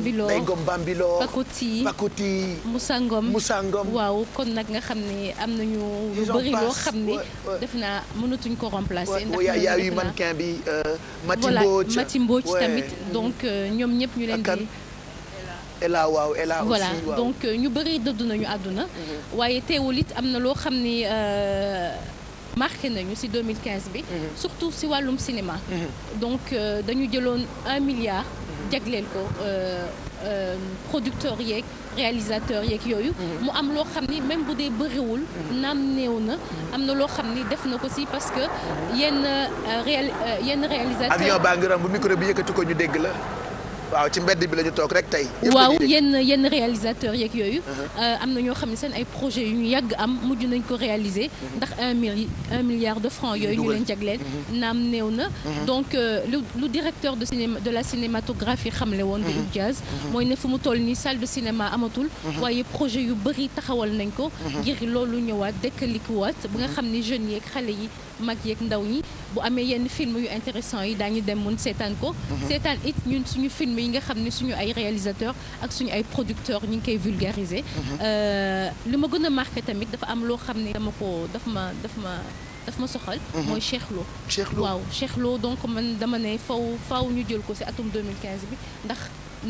Ndeye Ngom Bambilor Pakoti Pakoti Moussa Ngom Moussa Ngom waaw kon nag nga xam ne am nañu lu bëri loo xam ne def naa mënatuñ ko remplacer ndax y a eu mannequin bi euh, Mati tamit donc euh, ñoom ñëpp ñu leen di Ela waaw Ela aussi voilà donc euh, ñu bëri dëdd nañu àdduna mm-hmm. waaye teewul it am na loo xam ne marqué nañu ci 2015 bi. Mhm. surtout ci wàllum cinéma. Mhm. donc euh, dañu jëloon un milliard. Mhm. jagleel ko euh, euh, producteur yeeg réalisateurs yeeg yooyu. mu am loo xam ni même bu dee bëriwul. naam néew na am na loo xam ni def na ko si parce que yenn réel yenn réalisateurs. avion baa ngi romb micro bi yëkkati ko ñu dégg la. waaw ci mbedd bi la toog rek tey. waaw yenn yenn réalisateur yeeg yooyu. Uh-huh. Euh, am na ñoo xam ne seen ay projets yu ñu yàgg am mujj nañ ko réaliser. Uh-huh. ndax un mili un milliard de francs yooyu ñu leen jagleel. Uh-huh. naam néew na. donc euh, lu lu directeur de cinéma de la cinématographie xamle woon. di Diaz mooy ne fu mu toll nii salle de cinéma amatul. waaye projet yu bëri taxawal nañ ko. ngir loolu ñëwaat dëkkalikuwaat bu nga xam ni jeunes yeeg xale yi mag yeeg ndaw ñi. bu amee yenn film yu intéressant yi daañu dem mun seetaan ko mhm. seetaan it ñun suñu film yi nga xam ne suñu ay réalisateur ak suñu ay producteur ñu ngi koy vulgariser mhm. euh, li ma gën a marqué tamit dafa am loo xam ne dama ko daf ma daf ma daf ma soxal mhm. mooy Cheikh Lo Cheikh Lo waaw Cheikh Lo donc man dama ne faw faw ñu jël ko si atum 2015 bi ndax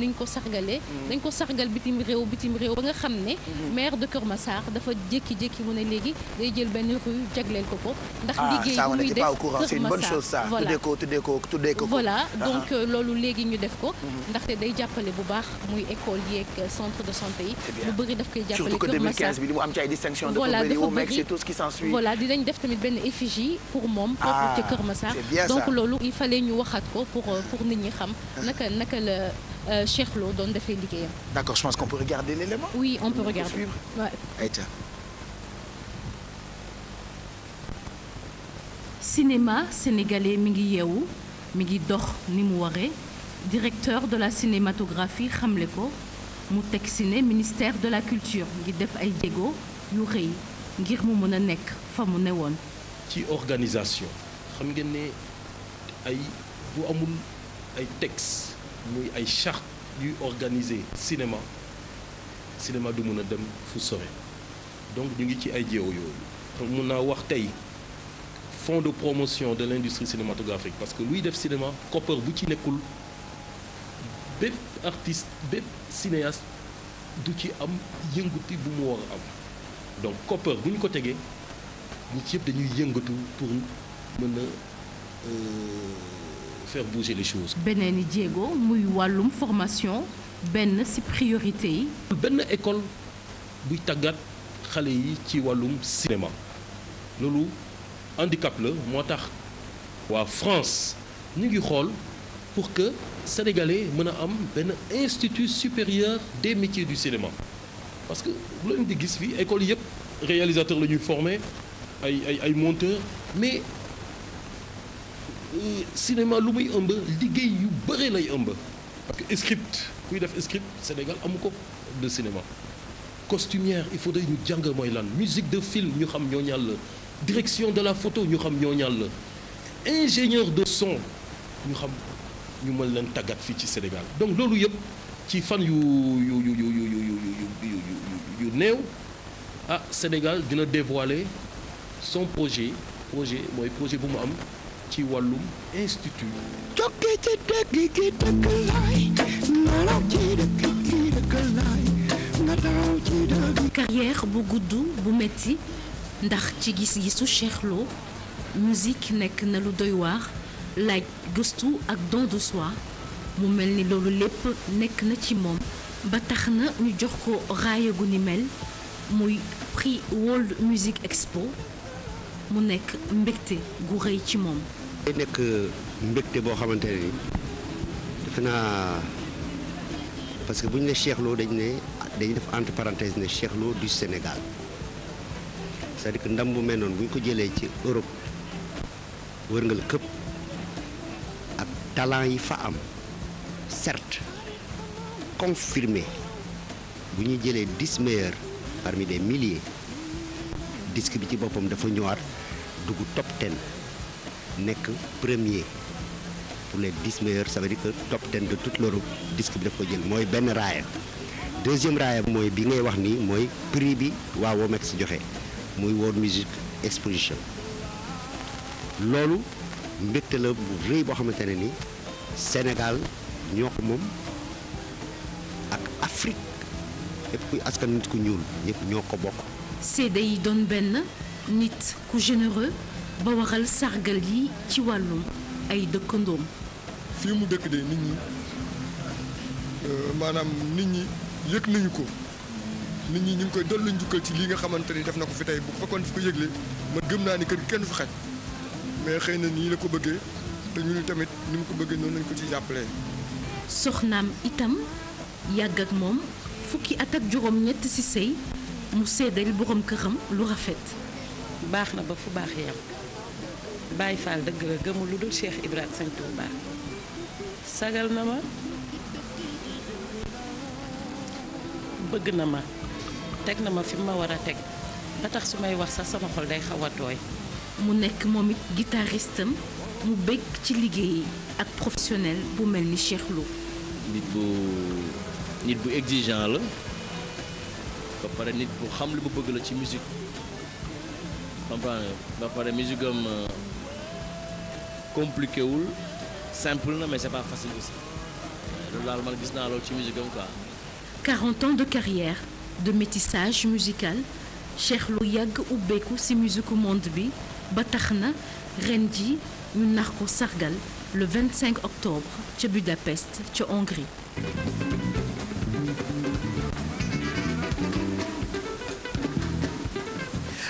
niñ ko sargalee. dañ mm. ko sargal bitim réew bitim réew ba nga xam ne. Mm-hmm. maire de Kër Massar dafa jékki-jékki mu ne léegi day jël benn rue jagleel ko ko. ndax ah, liggéey bu muy def Kër Massar voilà tuddee ko tuddee ko tuddee ah, ah. Euh, loolu léegi ñu def ko. Mm-hmm. ndaxte day jàppale bu baax muy école yeeg centre de santé yi. lu bëri daf koy jàppale Kër Massar surtout que 2015 bi li mu am ci ay distinctions. voilà dafa bëri c'est dinañ def tamit benn effigie pour moom. ah c'est bien ça donc loolu il fallait ñu waxaat ko pour euh, pour nit ñi xam naka naka la. Euh, Cheikh Lo doon defee liggéeyam. d'accord je pense qu'on peut regarder l'élément. oui on peut regarder suivre ouais. Aïcha. cinéma sénégalais mi ngi yeewu mi ngi dox ni mu waree directeur de la cinématographie xamle ko mu teg si ne ministère de la culture ngi def ay jéego yu rëy ngir mu mën a nekk fa mu ne woon. ci organisation xam ngeen ne ay bu amul ay texte. muy ay charte yuy organiser cinéma cinéma du mën a dem fu sore donc ñu ngi ci ay jéego yooyu mun naa wax tey fonds de promotion de l'industrie cinématographique parce que luy def cinéma koppar bu ci nekkul bépp artiste bépp cinéaste du ci am yënguti bu mu war am donc koppar bu ñu ko tegee ñi ci yëpp dañuy yëngatu pour mën a euh, faire bouger les choses. beneen i jéego muy wàllum formation benn ci priorité yi. benn école buy tàggat xale yi ci wàllum cinéma loolu handicap la moo tax waa France ñu ngi xool pour que sénégalais mën a am benn institut supérieur des métiers du cinéma parce que bu leen di gis fii école yëpp réalisateur la ñuy former ay ay ay monteurs mais. cinéma lu muy ëmb liggéey yu bëri lay ëmb. parce que script kuy def script Sénégal amu ko de cinéma costumière il faudrait ñu jàng mooy lan musique de film ñu xam ñoo ñàll la direction de la photo ñu xam ñoo ñàll la ingénieur de son ñu xam ñu mën leen tàggat fii ci Sénégal donc loolu yëpp ci fan yu yu yu yu yu yu yu néew ah Sénégal dina dévoiler son projet projet mooy projet bu mu am. ci wàllum institut carrière bu gudd bu metti ndax ci gis-gisu Cheikh Lo musique nekk na lu doy waar laaj gëstu ak don de soi mu mel ni loolu lépp nekk na ci moom ba tax na ñu jox ko raaya gu ni mel muy prix World Music Expo mu nekk mbégte gu rëy ci moom day nekk mbégte boo xamante ne defe naa parce que bu ñu ne Cheikh Lo dañ ne dañuy def entre parenthèse ne Cheikh du Sénégal cest à que ndam bu mel noonu bu ñu ko jëlee ci Europe wërngal këpp ak talent yi fa am certes confirmé bu ñu jëlee dix meilleurs parmi des milliers disque bi ci boppam dafa ñëwaat dugg top ten nekk premier pour les dix meilleurs ça veut dire que top ten de toute l'Europe disque bi daf ko jël mooy benn raaya deuxième raaya mooy bi ngay wax ni mooy prix bi waa si joxe muy World Music Exposition loolu mbégte la bu rëy boo xamante ne ni Sénégal ñoo ko moom ak Afrique yëpp kuy askan nit ku ñuul ñëpp ñoo ko bokk. seede yi doon benn nit ku généreux. ba waral sargal yi ci wàllum ay dëkkandoom fii mu dëkk de nit ñi euh, maanaam nit ñi yëg nañu ko nit ñi ñu ngi koy dollu njukkal ci lii nga xamante ni def na ko fi tey bu fekkoon fi ko yëgle ma gëm naa ni kër kenn fi xaj mais xëy na nii la ko bëggee te ñun tamit ni mu ko bëggee noonu lañ ko ci jàppalee. soxnaam itam yàgg ak moom fukki at ak juróom-ñett ci sëy mu seddal borom këram lu rafet. baax na ba fu baax yam bàyyi Fall dëgg la gëmul lu dul Cheikh Ibrahima Sëñ Touba sagal na ma bëgg na ma teg na ma fi ma war a teg ba tax su may wax sax sama xol day xaw a tooy mu nekk moom it guitaristam mu bëgg ci liggéey ak professionnel bu mel ni Cheikh nit bu nit bu la ba pare nit bu xam li bu bëgg la ci musique ba pare musique am euh, compliqué wul simple na mais c'est pas facile aussi loolu daal man gis naa loolu ci musique am ans de carrière de métissage musical Cheikh lu yàgg ubbeeku ci musique monde bi ba tax na ren ji ñu nar ko sargal le octobre ca Budapest ca Hongrie.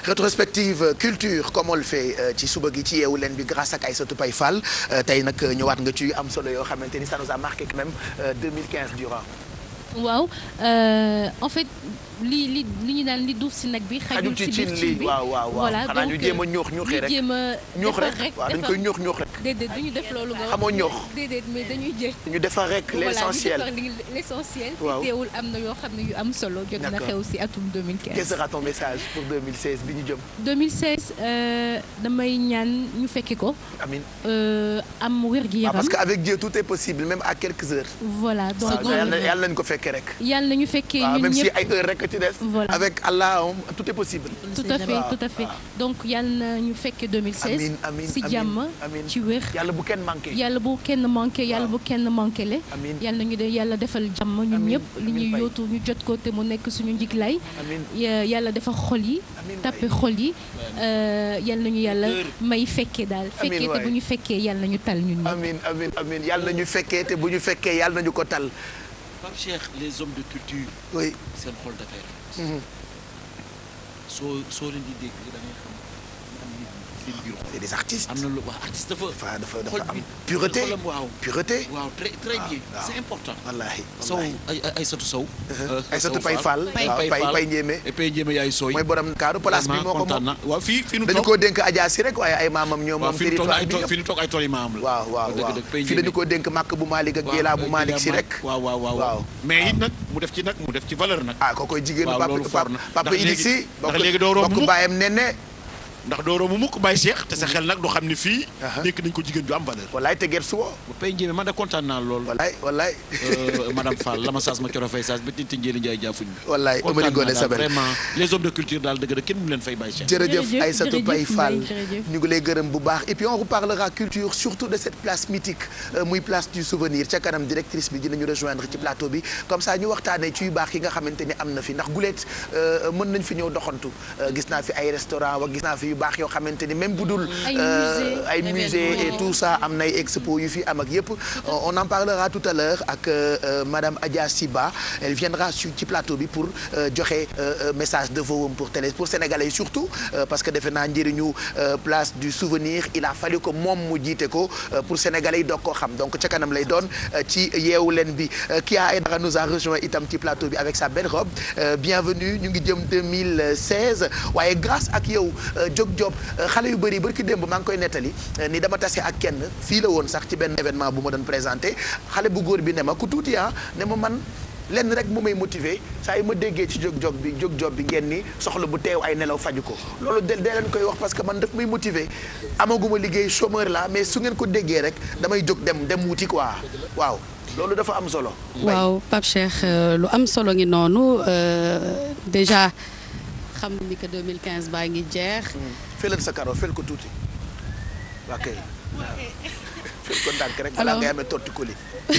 rétrospective euh, culture comme on le fait euh, ci suba gi ci yeewu leen bi grâce ak Aïssatou Paye Fall euh, tey nag ñëwaat nga ci am solo yoo xamante ni ça nous a marqué quand même durant waaw li li li ñu naan li duuf si nag bi. xajul ci biir ci waaw waaw waaw xanaa ñu jéem a ñoox ñooxee rek jéem a ñoox rek waaw dañ koy ñoox ñu def loolu nga xamoo ñoox déedéet mais dañuy jël. ñu defar rek l' essentiel voilà ñu defar l' essentiel. waaw teewul am na yoo xam ne yu am solo. jot na xew si atum 2015. quel sera ton message pour 2016 bi ñu jëm. Euh, damay ñaan ñu fekki ko. amiin euh, am wér gi yaram. Ah, parce que avec Dieu tout est possible même à quelques heures. voilà donc yàlla nañu ko fekkee rek. yàlla nañu fekkee ñun ñëpp ci des. voilà avec Allah tout est possible. fait donc yal na ñu fekkee 2016. amiin si jàmm ci wér. yàlla bu kenn manqué yàlla bu kenn manqué yàlla bu kenn manqué le. amiin yal na ñu de yàlla defal jàmm ñun ñëpp. li ñuy yóotu ñu jot ko te mu nekk suñu njiglaay. amiin yàlla dafa xol yi. tappe xol yi. Euh, yal na ñu yàlla may fekkee daal. fekkee te bu ñu fekkee yal na ñu tal ñun ñëpp. yal na ñu fekkee te bu ñu fekkee yal na ñu ko tal. Pape Cheikh les hommes de culture. oui seen xol dafay rafet. Mhm. soo soo leen di dégg. c'est des artistes. am na lu wax artiste dafa. dafa dafa dafa am pureté waaw pureté. waaw très très ah, moo ko moom. waaw fi nu toog ay tool yi la. waaw waaw dañu koo dénk màkk bu Malick ak Géla bu Malick si rek. waaw mais it nag mu def ci nag mu def ci valeur nag. ah kookoy jigéenu papa papa Idi si. bokk bàyyam nenne ndax doo romb mukk bàyyi Cheikh te sa mm-hmm. xel nag du xam ne fii. dénk uh-huh. nañ ko jigéen ju am valeur. wallaay te gerte woo. bu pay njéeme man de kontaan naa lool. wallaay wallaay. Euh, madame Fall lama saas ma coro fay saas ba tinti njéeli njaay jaafuñ bi. wallaay Amady Ngoné Sabel vraiment de culture daal dëgg la kenn mu leen fay bàyyi Cheikh. jërëjëf Aïssatou Paye Fall ñu ngi lay gërëm bu baax et puis on reparlera culture surtout de cette place mythique euh, muy place du souvenir ca kanam directrice bi bi comme ça ñu waxtaanee ci yu baax yi nga xamante ni am na fi ndax guleet euh, mën nañ fi ñëw doxantu gis naa fi ay restaurant wa gis yu baax yoo xamante ni même bu dul ay musée euh, et tout ça am nay expo yu fi am ak yëpp euh, on en parlera tout à l'heure ak euh, madame Adja Siba elle viendra ci plateau bi pour joxe message de vœux pour télé pour sénégalais surtout parce que defe naa njëriñu place du souvenir il a fallu que moom mu jiite ko pour sénégalais yi doog koo xam donc ca kanam lay doon ci yeewu leen bi Kya Aidara nous a rejoint itam ci plateau bi avec sa belle robe bienvenue ñu ngi jëm 2016 waaye grâce jóg job euh, xale yu bëri bërki démb maa ngi koy nettali euh, ni dama tase ak kenn fii la woon sax ci benn événement bu ma doon présenté xale bu góor bi ne ma ku tuuti ah ne ma man lenn rek mu may motiver saa yi ma déggee ci jóg job bi jóg job bi ngeen ni soxla bu teew ay nelaw faju ko loolu de dee leen koy wax parce que man daf may motiver amaguma liggéey chômeur la mais su ngeen ko déggee rek damay jóg dem dem wuti quoi waaw loolu dafa am solo waaw Pape Cheikh euh, lu am solo ngi noonu déjà xam ni que 2015 baa ngi jeex. Hmm. fëlal sa karo fël ko tuuti waa kay fël ko ndànk rek. balaa ngay amee torticolis.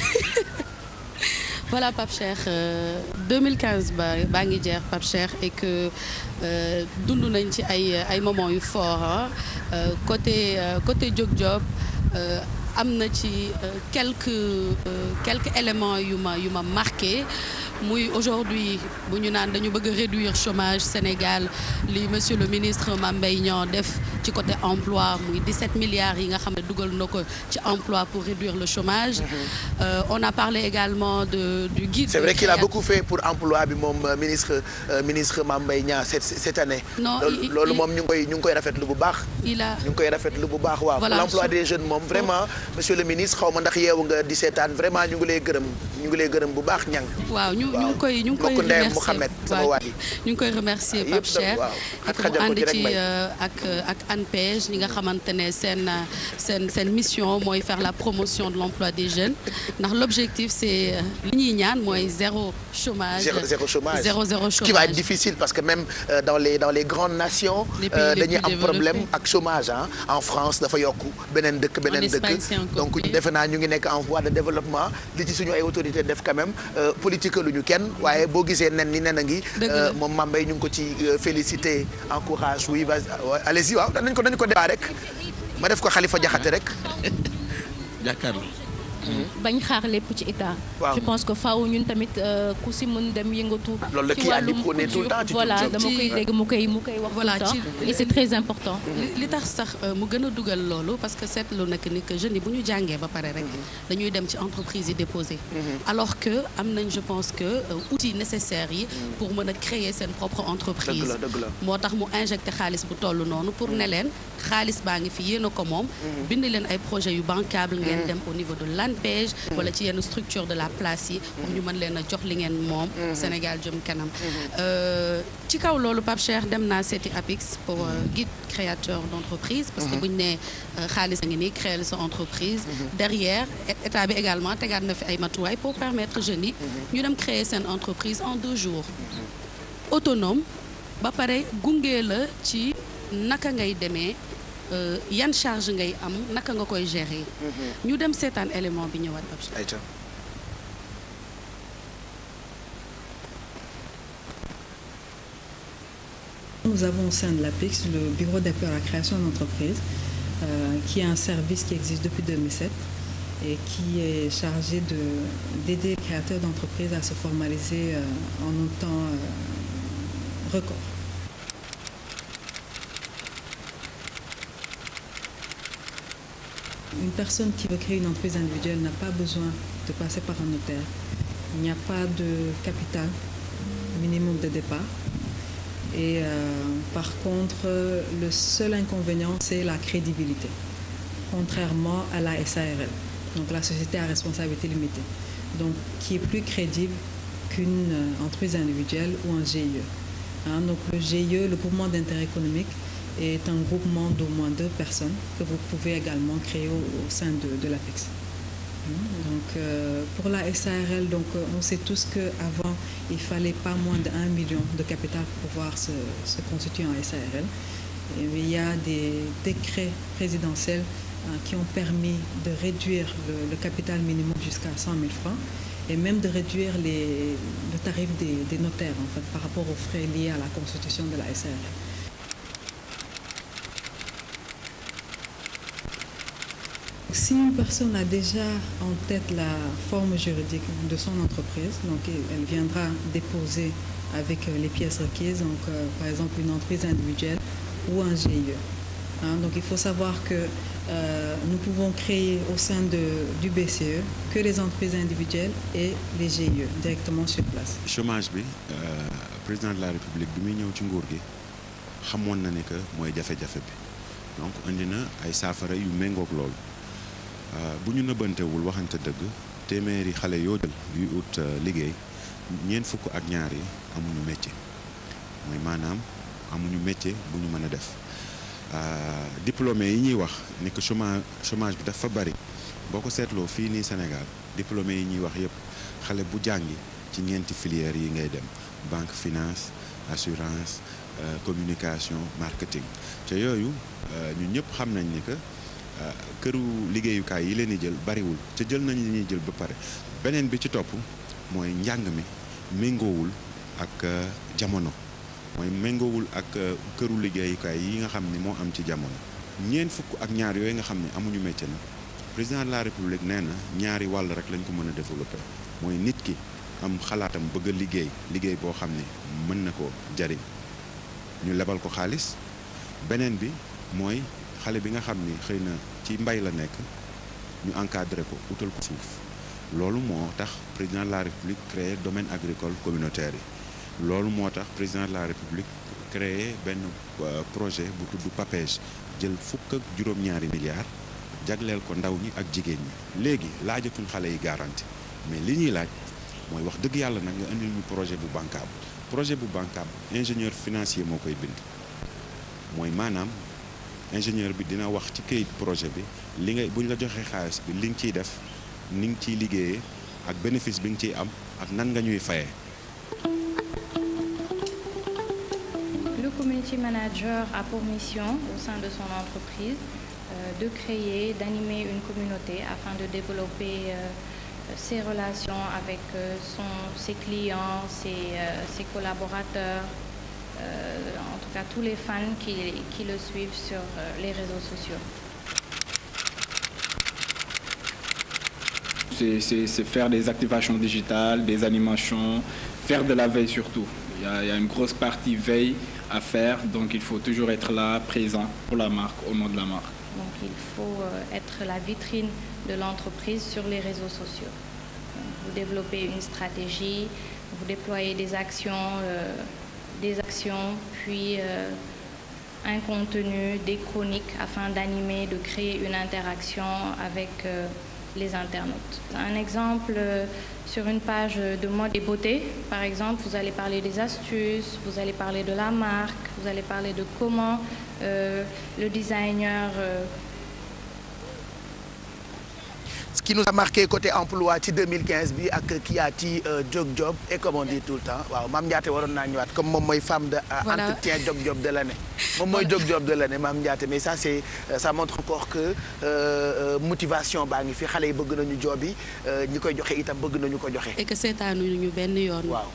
voilà Pape Cheikh 2015 euh, baa ngi jeex Pape Cheikh et que euh, dund nañ ci ay ay moments yu fort euh, côté jog Diop am na ci quelques quelques éléments yu ma yu muy aujourd'hui bu ñu naan dañu bëgg a réduire chômage Sénégal li monsieur le ministre mambay Mbaye Niang def ci côté emploi muy 17 milliards yi nga xam ne dugal na ko ci emploi pour réduire le chômage. Mhm. Euh, on a parlé également de du guide. c'est vrai qu'il a beaucoup fait pour emploi bi moom euh, ministre euh, ministre Mame Mbaye Niang cette cette année. loolu moom ñu ngi koy ñu ngi koy rafetlu bu baax. il ñu ngi koy rafetlu bu baax waaw. voilà l'emploi des jeunes moom vraiment oh. monsieur le ministre xaw ma ndax yeewu nga di seetaan vraiment ñu ngi lay gërëm ñu ngi lay gërëm bu baax ñang ñu ngi koy ñu ngi koy ñu ngi koy remercier ah, Pape Cheikh ak mu ànd ci euh, ak ak ANPEJ ñi nga xamante ne seen seen seen mission mooy faire la promotion de l'emploi des jeunes ndax l'objectif c'est euh, li ñuy ñaan mooy zéro chômage zéro chômage zéro zéro chômage qui va être difficile parce que même euh, dans les dans les grandes nations dañuy am problème ak chômage ah en France dafa yokk beneen dëkk beneen dëkk donc defe naa ñu ngi nekk en voie de développement li ci suñu ay autorités def quand même politique ñu kenn waaye boo gisee nen ni nen a ngi euh, moom mambay ñu ngi ko ci euh, félicité encourage oui vas allez-y waaw danañ ko dañu ko defaa rek ma def ko xalifa Diakhaté rek bañ xaar lépp ci état. je pense que faw ñun tamit euh, ku si mën dem yëngatu. ci wàllum voilà dama koy dégg mu koy mu koy wax. voilà ci et c'est important. Mm-hmm. li tax sax euh, mu gën a dugal loolu parce que seetlu nag ni que jeunes yi bu ñu jàngee ba pare rek mm-hmm. dañuy dem ci entreprise yi déposer. Mm-hmm. alors que am nañ je pense que euh, outils nécessaires yi. pour mën a créer seen propre entreprise. moo tax mu injecté xaalis bu toll noonu pour ne leen xaalis baa ngi fi yéen a ko moom. bind leen ay projets yu bancable ngeen dem au niveau de pej wala ci yenn structure de la place yi pour ñu mën leen a jox li ngeen moom mhm. Sénégal jëm kanam mhm. euh, ci kaw loolu Pape Cheikh dem naa seeti APIX pour euh, mhm. guide créateur d'entreprise parce que bu ñu nee euh, xaalis a ngi ni créer sa entreprise derrière état bi également tegaat na fi ay matuwaay pour permettre jeunes yi ñu dem créer seen entreprise en deux jours autonome ba pare gunge la ci naka ngay demee Euh, yan charge ngay am naka nga koy gérer. Mhm. ñu dem seetaan élément bi ñëwaat Babs. Nous avons au sein de l'APIX le bureau d'appui à la création d'entreprise euh, qui est un service qui existe depuis 2007 et qui est chargé d'aider les créateurs d'entreprises à se formaliser euh, en un euh, record. une personne qui veut créer une entreprise individuelle n'a pas besoin de passer par un notaire. Il n'y a pas de capital minimum de départ. Et euh, par contre, le seul inconvénient, c'est la crédibilité, contrairement à la SARL, donc la société à responsabilité limitée, donc qui est plus crédible qu'une euh, entreprise individuelle ou un GIE. Hein, donc le GIE, le mouvement d'intérêt économique, est un groupement de moins deux personnes que vous pouvez également créer au, au sein de, de l'APEX. Donc, euh, pour la SARL, donc, euh, on sait tous qu'avant, il fallait pas moins de 1 million de capital pour pouvoir se, se constituer en SARL. Et il y a des décrets présidentiels hein, euh, qui ont permis de réduire le, le capital minimum jusqu'à 100 000 francs et même de réduire les, le tarif des, notaires par rapport aux frais liés à la constitution de la SARL. si une personne a déjà en tête la forme juridique de son entreprise, donc elle viendra déposer avec euh, les pièces requises, donc euh, par exemple une entreprise individuelle ou un GIE. Hein, donc il faut savoir que euh, nous pouvons créer au sein de, du BCE que les entreprises individuelles et les GIE directement sur place. chômage bi euh, président de la république bi muy ñëw ci nguur gi xamoon na ne que mooy jafe-jafe bi donc indi na ay saafara yu méngoog lool Euh, bu ñu nëbbantewul waxante dëgg téeméeri xale yoo jël yuy ut euh, liggéey ñeent fukk ak ñaari amu amuñu métier mooy maanaam amu ñu métier bu ñu mën a def euh, diplômé yi ñuy wax ni que chômage chômage bi dafa bari boo ko seetloo fii nii Sénégal diplômé yi ñuy wax yépp xale bu jàngi ci ñeenti filières yi ngay dem banque finance assurance communication marketing te yooyu ñu ñépp xam nañ ni que Euh, këru liggéeyukaay yi leen di jël bariwul ca jël nañu li ñuy jël ba pare beneen bi ci topp mooy njàng mi méngoowul ak euh, jamono mooy méngoowul ak euh, këru liggéeyukaay yi nga xam ni moo am ci jamono ñeent fukk ak ñaar yooyu nga xam ne amuñu métier na président de la république nee na ñaari wàll rek lañ ko mën a développer mooy nit ki am xalaatam bëgg a liggéey liggéey boo xam ni mën na ko jariñ ñu lebal ko xaalis beneen bi mooy xale bi nga xam ni xëy na ci mbay la nekk ñu encadré ko utal ko suuf loolu moo tax président de la république créé domaine agricole communautaire yi loolu moo tax président de la république créé benn euh, projet bu tudd PAPEJ jël fukk ak juróom-ñaari milliards jagleel ko ndaw ñi ak jigéen ñi léegi laajatuñ xale yi garanti mais li ñuy laaj mooy wax dëgg yàlla nag nga indil ñu projet bu bancable projet bu bancable ingénieur financier moo koy bind mooy maanaam ingénieur bi dina wax ci këyit projet bi li nga bu la joxee xaalis bi li nga ciy def ni nga ciy liggéeyee ak bénéfice bi nga ciy am ak nan nga ñuy fayee. Le community manager a pour mission au sein de son entreprise euh, de créer, d'animer une communauté afin de développer euh, ses relations avec euh, son, ses clients, ses, ses collaborateurs. Euh, en tout les fans qui, qui le suivent sur euh, les réseaux sociaux. C'est faire des activations digitales, des animations, faire de la veille surtout. Il y, a, une grosse partie veille à faire, donc il faut toujours être là, présent pour la marque, au nom de la marque. Donc il faut euh, être la vitrine de l'entreprise sur les réseaux sociaux. Vous développez une stratégie, vous déployez des actions. des actions, puis euh, un contenu, des chroniques afin d'animer, de créer une interaction avec euh, les internautes. Un exemple, euh, sur une page de mode et beauté, par exemple, vous allez parler des astuces, vous allez parler de la marque, vous allez parler de comment euh, le designer ki nous marqué côté emploi ci 2015 bi ak kii ci Jog euh, Job et comme on dit tout le temps waaw Mame Ndiaté waroon naa ñëwaat comme moom mooy femme de. Euh, entretien Jog Job de l'année. moom mooy Jog Job de l'année Mame Ndiaté mais ça c'est euh, ça montre encore que motivation baa ngi fi xale yi bëgg nañu job yi ñu koy joxe itam bëgg nañu ko joxe. et que seetaanuñu ñu benn yoon. waaw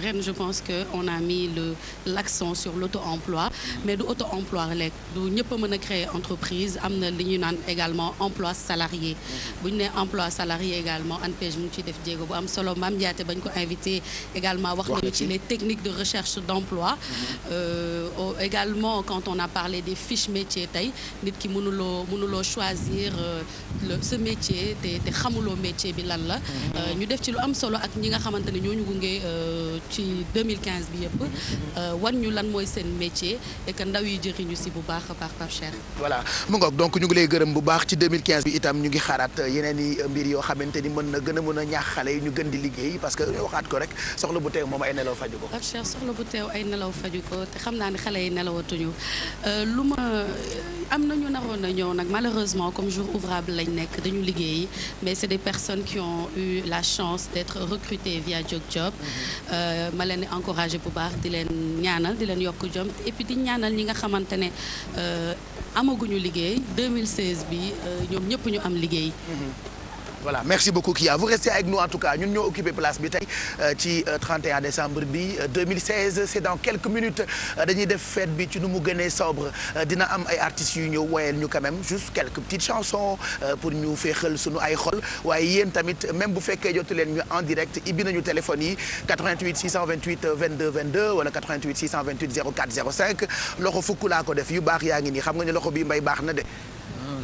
ren je pense que on a mis le l'accent sur l'auto-emploi mais du auto-emploi rek du ñëpp a mën a créer entreprise am na li ñuy naan également emploi salarié. Mm-hmm. ne emploi salarié également ANPEJ mu ngi ciy def jéego bu am solo Mame Diaté bañ ko invité également wax nañu ci les techniques de recherche d'emploi mm-hmm. euh, également quand on a parlé des fiches métiers tey nit ki mënuloo mënuloo choisir euh, le ce métier te te xamuloo métier bi lan la mm-hmm. euh, ñu def ci lu am solo ak ñi nga xamante ne ñooñu gunge euh, ci 2015 bi yëpp mm-hmm. wan ñu lan mooy seen métier et que ndaw yi jëriñu si bu baax a baax Pape Cheikh voilà mu ngoog donc ñu ngi lay gërëm bu baax ci yeneen i mbir yoo xamante ni mën na gën a mën a ñaax xale yi ñu gën di liggéey parce que waxaat ko rek soxla bu teew moom ay nelaw faju ko. Pape ay nelaw faju ko te xam naa ne xale yi nelawatuñu euh, lu ma am na ñu naroon a ñëw nag malheureusement comme jour ouvrable lañ nekk dañu liggéey mais c'est des personnes qui ont eu la chance d'être recrutées via JobJob. Mm-hmm. Euh, ma leen encouragé bu baax di leen ñaanal di leen yokk jom et puis di ñaanal ñi nga amaguñu liggéey 2016 bi euh, ñoom ñëpp ñu am liggéey. Mm-hmm. voilà merci beaucoup Kia vous restez avec nous en tout cas ñun ñoo occupé place bi tey euh, ci 31 euh, décembre bi 2016 euh, c'est dans quelques minutes dañuy def fête bi ci nu mu gënee sobre dina am ay artistes yu ñëw woyal ñu quand même juste quelques petites chansons pour ñu féexal sunu ay xol waaye yéen tamit même bu fekkee jotu leen ñu en direct ibbi nañu téléphone yi 88 628 22 22 wala 88 628 04 05 loxo fukk laa ko def yu baax yaa ngi nii nga ne loxo bi mbay baax na de.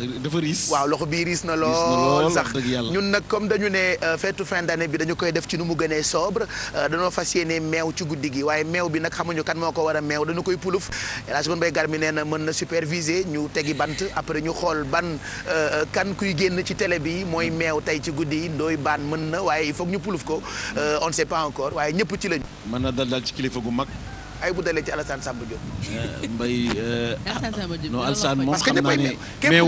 dafa riis waaw loxo bii riis na lool sax ñun nag comme dañu ne euh, feetu fin d'année bi dañu koy def ci nu mu gënee sobre euh, danoo fas yéene meew ci guddi gi waaye meew bi nag xamuñu kan moo ko war meew dañu koy puluf la seconde bay gar mi nee na mën na superviser ñu tegi bant après ñu xool ban euh, kan kuy génn ci télé bi mooy meew tey ci guddi yi ndooy baan mën na waaye il faut ñu puluf ko on ne pas encore waaye ñëpp ci lañu mën na dal dal ci kilifa gu mag ay bu dalee ci Alassane Samba Diop. Eh, Mbaye. Eh, ah, Alassane Samba Diop non Alassane moom xam naa ne. meew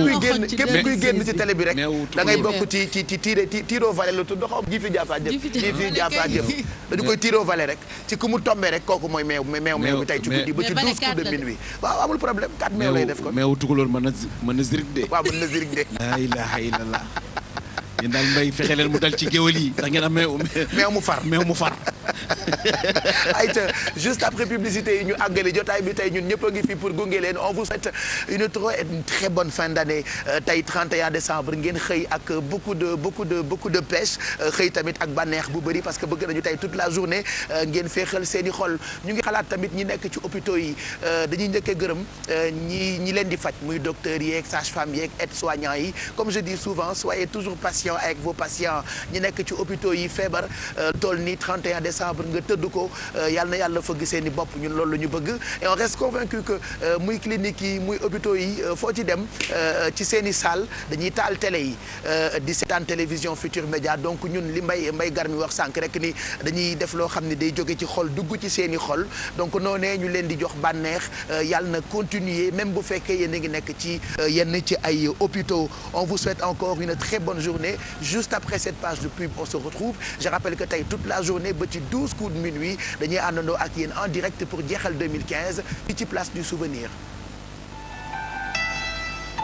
kuy génn ci télé bi rek. da ngay bokk ci ci ci tiire tiiroo vallée la tudd xaw ji fi jaafa jëf. ji fi dañu koy tiiroo vallée rek ci ku mu tombé rek kooku mooy meew meew meew bi tey ci guddi ba ci douze coups de minuit waaw amul problème quatre meew lay def kon. meew tukulóor mën na mën na zirik de. waaw mën na zirik de. la ilaha illallah. daal mbay fexe mu dal ci géwél yi da ngeen am meew mu far meew mu far juste après publicité yi ñu àggali jotaay bi tey ñun ñëpp a ngi fi pour gunge leen en vous souhaite une très très bonne fin d'année euh, tey 31 décembre ngeen xëy ak beaucoup de beaucoup de beaucoup de pêche euh, xëy tamit ak bànneex bu bëri parce que bëgg nañu tey toute la journée euh, ngeen féexal seen i xol ñu ngi xalaat tamit ñi nekk ci hôpitaux yi dañuy njëkkee gërëm ñi ñi leen di faj muy docteurs yeeg sage-femme réunion avec vos patients ñu nekk ci hôpitaux yi feebar euh, toll nii 31 décembre nga tëdd ko euh, yàlla na yàlla fëgg seen bopp ñun loolu la ñu bëgg et on reste convaincu que euh, muy clinique yi muy hôpitaux yi foo ci dem ci seen i dañuy taal tele yi di seetaan télévision Futur Média donc ñun li mbay mbay gar mi wax sànq rek ni dañuy def loo xam ni day jóge ci xol dugg ci seen i xol donc noonee ñu leen di jox bànneex yal na continuer même bu fekkee yéen a ngi nekk ci yenn ci ay hôpitaux juste après cette page de pub on se retrouve je rappelle que tey toute la journée ba ci 12 coups de minuit dañuy àndandoo ak yéen en direct pour jeexal 2015 ci place du souvenir